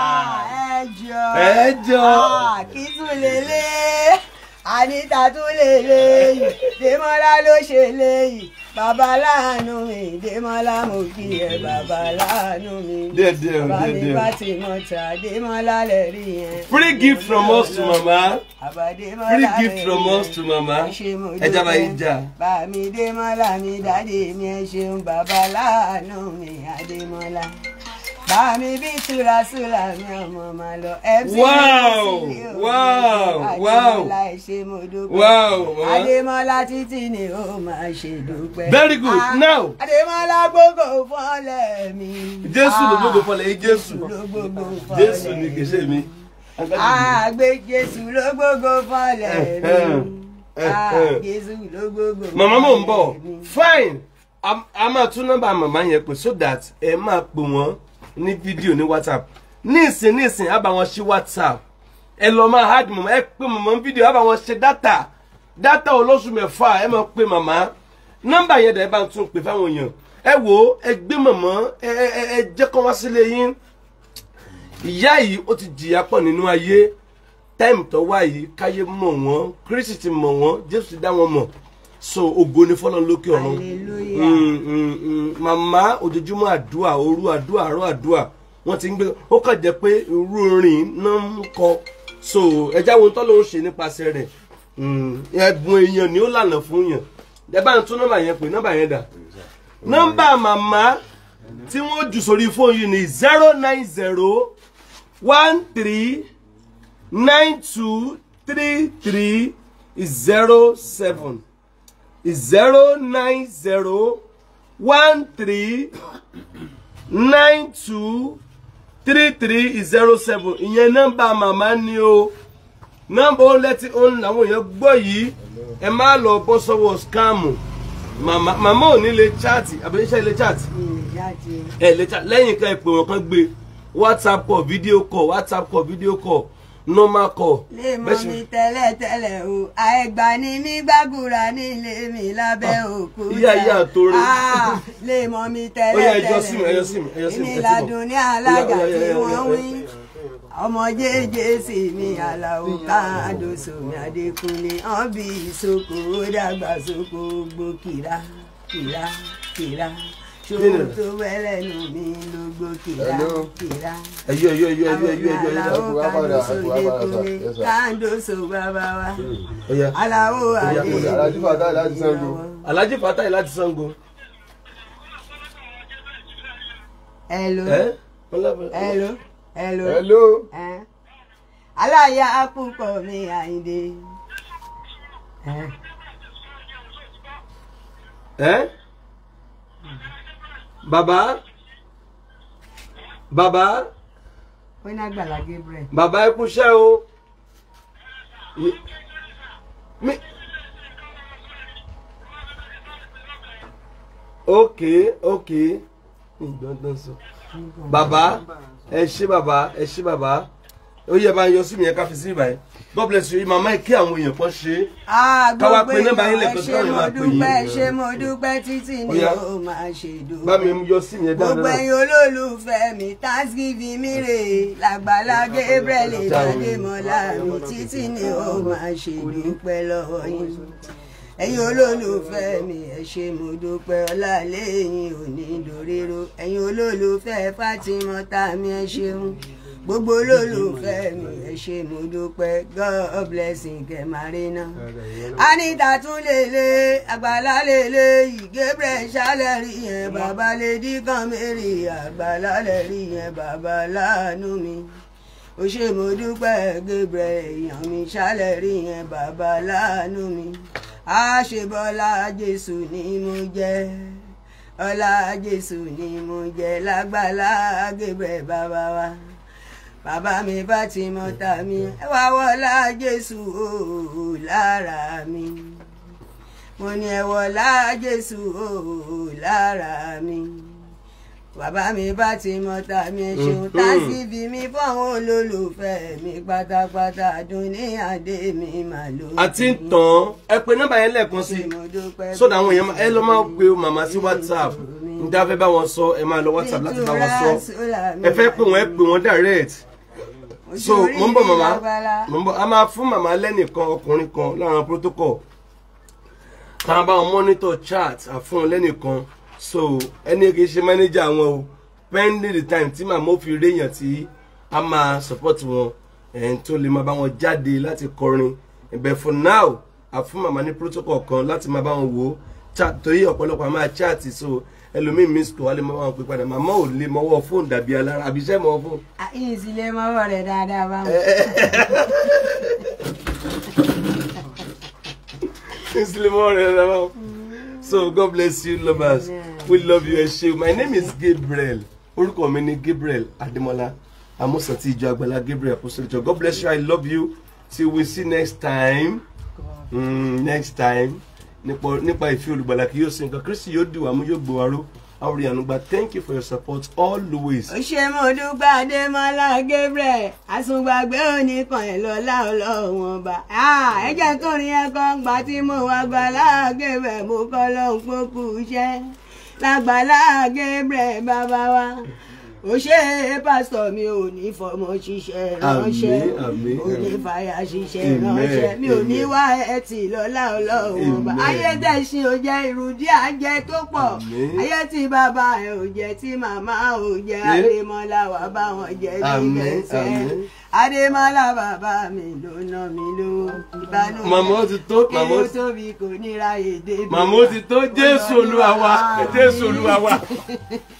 Ah, ẹ jọ ẹ jọ ah, kí tún lélẹ̀ àníta tún lélẹ̀ yìí démọ́lá ló ṣe léyìí bàbá mi dèmọ́lá mo kí ẹ bàbá mi bàbá ti mọ̀ tà dèmọ́lá lẹ̀ rí yẹn. free gift from us to mama free gift from us to mama ẹja bá yín jà. bàmí dèmọ́lá mi dáde mi ẹ ṣeun bàbá mi àdèmọ́lá. Wow! Wow! Wow! Wow! Adémọ́lá títí ni ó máa ṣe dúpẹ́. Very good. Ah, Now. Adémọ́lá gbogbo fọ́lẹ̀ mi. Jésù ló ah, gbogbo fọ́lẹ̀ eh, Jésù. Ló gbogbo fọ́lẹ̀. Jésù ni kì í ṣe mi. Àgbé ah, Jésù ló gbogbo fọ́lẹ̀ eh, mi. Eh, Jésù ló gbogbo fọ́lẹ̀ mi. Fine. A máa tún nọ́mbà màmá yẹn pè so that ẹ máa pè wọ́n ní fídíò ní whatsapp nísìn nísìn á bá wọn ṣí whatsapp ẹ lọ máa hard mọ̀mọ́ ẹ pé mọ̀mọ́ ní fídíò á bá wọn ṣe dátà dátà olóṣù mẹ́fà ẹ máa pé màmá nọ́mbà yẹn dẹ̀ bá ń tún pè fáwọn èèyàn ẹ wò ó ẹ gbé mọ̀mọ́ ẹ ẹ ẹ jẹ́ kán wá sílé yín ìyá yìí ó ti jìyà pọ̀ nínú ayé táìmù tó wá yìí káyé mọ̀ wọ́n kírísì ti mọ̀ wọ́n jésù ti dá wọn mọ̀ so ògo ni fọlọ́n lókè ọ̀run mm, mm, mm. màmá ojoojúmọ́ àdúà òru àdúà àárọ̀ àdúà wọ́n ti ń gbé ó kàn jẹ́ pé irú orin náà ń kọ so ẹja wo tọ́ ló ń ṣe nípasẹ̀ rẹ̀ ẹ̀bùn èèyàn ni ó lànà fún yàn ẹ bá ń tún nọ́mbà yẹn pé nọ́mbà yẹn dà nọ́mbà màmá tí wọ́n jù sórí fóònù yìí ni zero nine zero one three nine two three three zero seven zero nine zero one three nine two three three zero seven ìyẹn nọ́mbà màmá ni o nọ́mbà ó lẹ́tí òun làwọn èèyàn gbọ́ yìí ẹ má lọ bọ́ sọ́wọ́ skáàmù màmá ò ní lè chaati àbí iṣẹ́ lè chaati ẹ lè chaati lẹ́yìn kan ẹ pè wọ́n kan gbé whatsapp call video call whatsapp call video call ló máa kọ. lè mọ mi tẹ́lẹ̀ tẹ́lẹ̀ o àìgbà ni mí gbàgùrà nílé mi lábẹ́ ah, òkúta. ìyá ìyá àtòrè. Ah, lè mọ mi tẹ́lẹ̀ tẹ́lẹ̀ o ìnìlàdùn ní alága tí wọ́n wí ọmọ jẹ́jẹ́ sì ni aláwọ̀ káàdóso mi adékúnlé hàn bí ìsoko ó dàgbà sóko gbó kìlá kìlá kìlá ṣòwò tó wẹ́rẹ́ nù mí ló gbó kíra kíra. ẹyọ ẹyọ ẹyọ ẹyọ ẹyọ ẹyọ ẹyọ Àlàó Kàndóso Dékúnlé Kàndóso bàbá wa Àlàó àdéhùn Alhaji Fatai láti Ṣàngó. hello hello hello aláya akúkọ mi Àyìndé. Eh? baba baba baba ní Àgbàlá ẹ kúṣẹ́ o. mi. ok ok baba sọ. bàbá ẹ ṣé bàbá ẹ ṣé bàbá ó yẹ bá yọ sí mi yẹn ká fi sí ìbàyẹn. God bless you màmá kí àwọn èèyàn kan ṣe é. káwá pé nọ́mbà yín lẹ́kọ̀ọ́ tí káwọn máa pè yín. ṣé mo dúpẹ́ títí ni ó máa ṣe dúpẹ́. bá mi yọ sí yẹn dáadáa. gbogbo ẹ̀yin olólùfẹ́ mi thanksgiving mi rè làgbàlá Gabriel ìbàdémọ́lá mi títí ni ó máa ṣe dúpẹ́ lọ́wọ́ yín. ẹ̀yin olólùfẹ́ mi ẹ ṣé mo dúpẹ́ ọlá lẹ́yìn òní dòréró ẹ̀yin olólùfẹ́ Fatimota mi ẹ ṣeun gbogbo olólùfẹ́ mi ẹ ṣé mo dúpẹ́ god blessing kẹ máa rí ná. anita tún lélẹ̀ àgbàlá lélẹ̀ ìgébẹ̀ ṣálẹ̀ rí yẹn bàbá lédi kan mẹ́rì àgbàlá lẹ̀ yẹn bàbá láàánú mi ó ṣé mo dúpẹ́ gébrẹ̀ èèyàn mi ṣálẹ̀ rí yẹn bàbá láàánú mi àṣebọ́lá jésù ni mo jẹ́ ọlá jésù ni mo jẹ́ lágbàlá gébrẹ̀ bàbá wa bàbá mi bá ti mọ tàmí ẹ wá wọlá jésù ooo lára mi mo ní ẹ wọlá jésù ooo lára mi bàbá mi bá ti mọ tàmí ẹ ṣeun mhm. tá sí ibi mi fáwọn olólùfẹ́ mi pátápátá dùn ní adé mi mà ló. àti ń tàn ẹ pé nọ́mbà yẹn lẹ́ẹ̀kan sí i sódà àwọn èèyàn ẹ lọ máa pe màmá sí whatsapp n dáfẹ́ bá wọn sọ ẹ máa lọ whatsapp láti bá wọn sọ ẹ fẹ́ pè wọ́n ẹ pè wọ́n direct so mo ń bọ̀ màmá mo ń bọ̀ a máa fún màmá lẹ́nìkan ọkùnrin kan láwọn protocol tá a bá wọn monitor chat àfún lẹ́nìkan so ẹni kì í ṣe manager wọn o pending the time tí màmá ó fi réyàn tí a máa support wọn ẹ̀ẹ́n tó lè máa bá wọn jáde láti kọrin but for now àfún mama ní protocol kan láti máa bá wọn wò ó torí ọ̀pọ̀lọpọ̀ a máa chat so ẹlòmíì miss tó wálé máa ń pè padà màmá ò lè mọwọ́ fóònù dàbí alára àbí iṣẹ́ mọ́ fóònù. àyìn sì lè mọwọ́ rẹ̀ dáadáa bá wọn. sì lè mọwọ́ rẹ̀ dáadáa bá wọn. so god bless you lovers we love you ẹ ṣé my name is Gabriel orúkọ mi ni Gabriel Adémọ́lá amúsàtì ìjọ àgbàlá Gabriel apostolic god bless you i love you till we see next time mm, next time nípa ìfẹ́ olùgbàlà kì yóò sin nǹkan Kristi yóò dìwà mú yóò gbé wa ró Àwòrì Ànúgbà thank you for your support always. ó ṣe mo dúpẹ́ Adémọ́lá Gabriel àsùngbàgbé òní kan ẹ̀ lọ́lá ọlọ́run ọba. ẹ jẹ́ kó rin ẹ̀kọ́ gbà tí mo wá gbàlá Gabriel mo kọ́ lóhun pópó iṣẹ́ lágbàlá Gabriel bàbá wa ó ṣe é pásítọ̀ mi ò ní fọmọ ṣiṣẹ́ ránṣẹ́ ò ní fàyà ṣiṣẹ́ ránṣẹ́ mi ò ní wá ẹtì lọ́lá ọlọ́run ọba ayédèṣin ò jẹ́ ìrùdí àjẹ tó pọ̀ ayé tí bàbá ẹ̀ ò jẹ́ tí màmá ò jẹ́ àrèmọ́lá wà bá wọn jẹ́ ní bẹ́sẹ̀ àrèmọ́lá bàbá mi ló ná mi ló ìbálòpọ̀ kí ó tóbi kò níra èdè bí. màmá ó ti tó jésù olúwa wa jésù olúwa wa.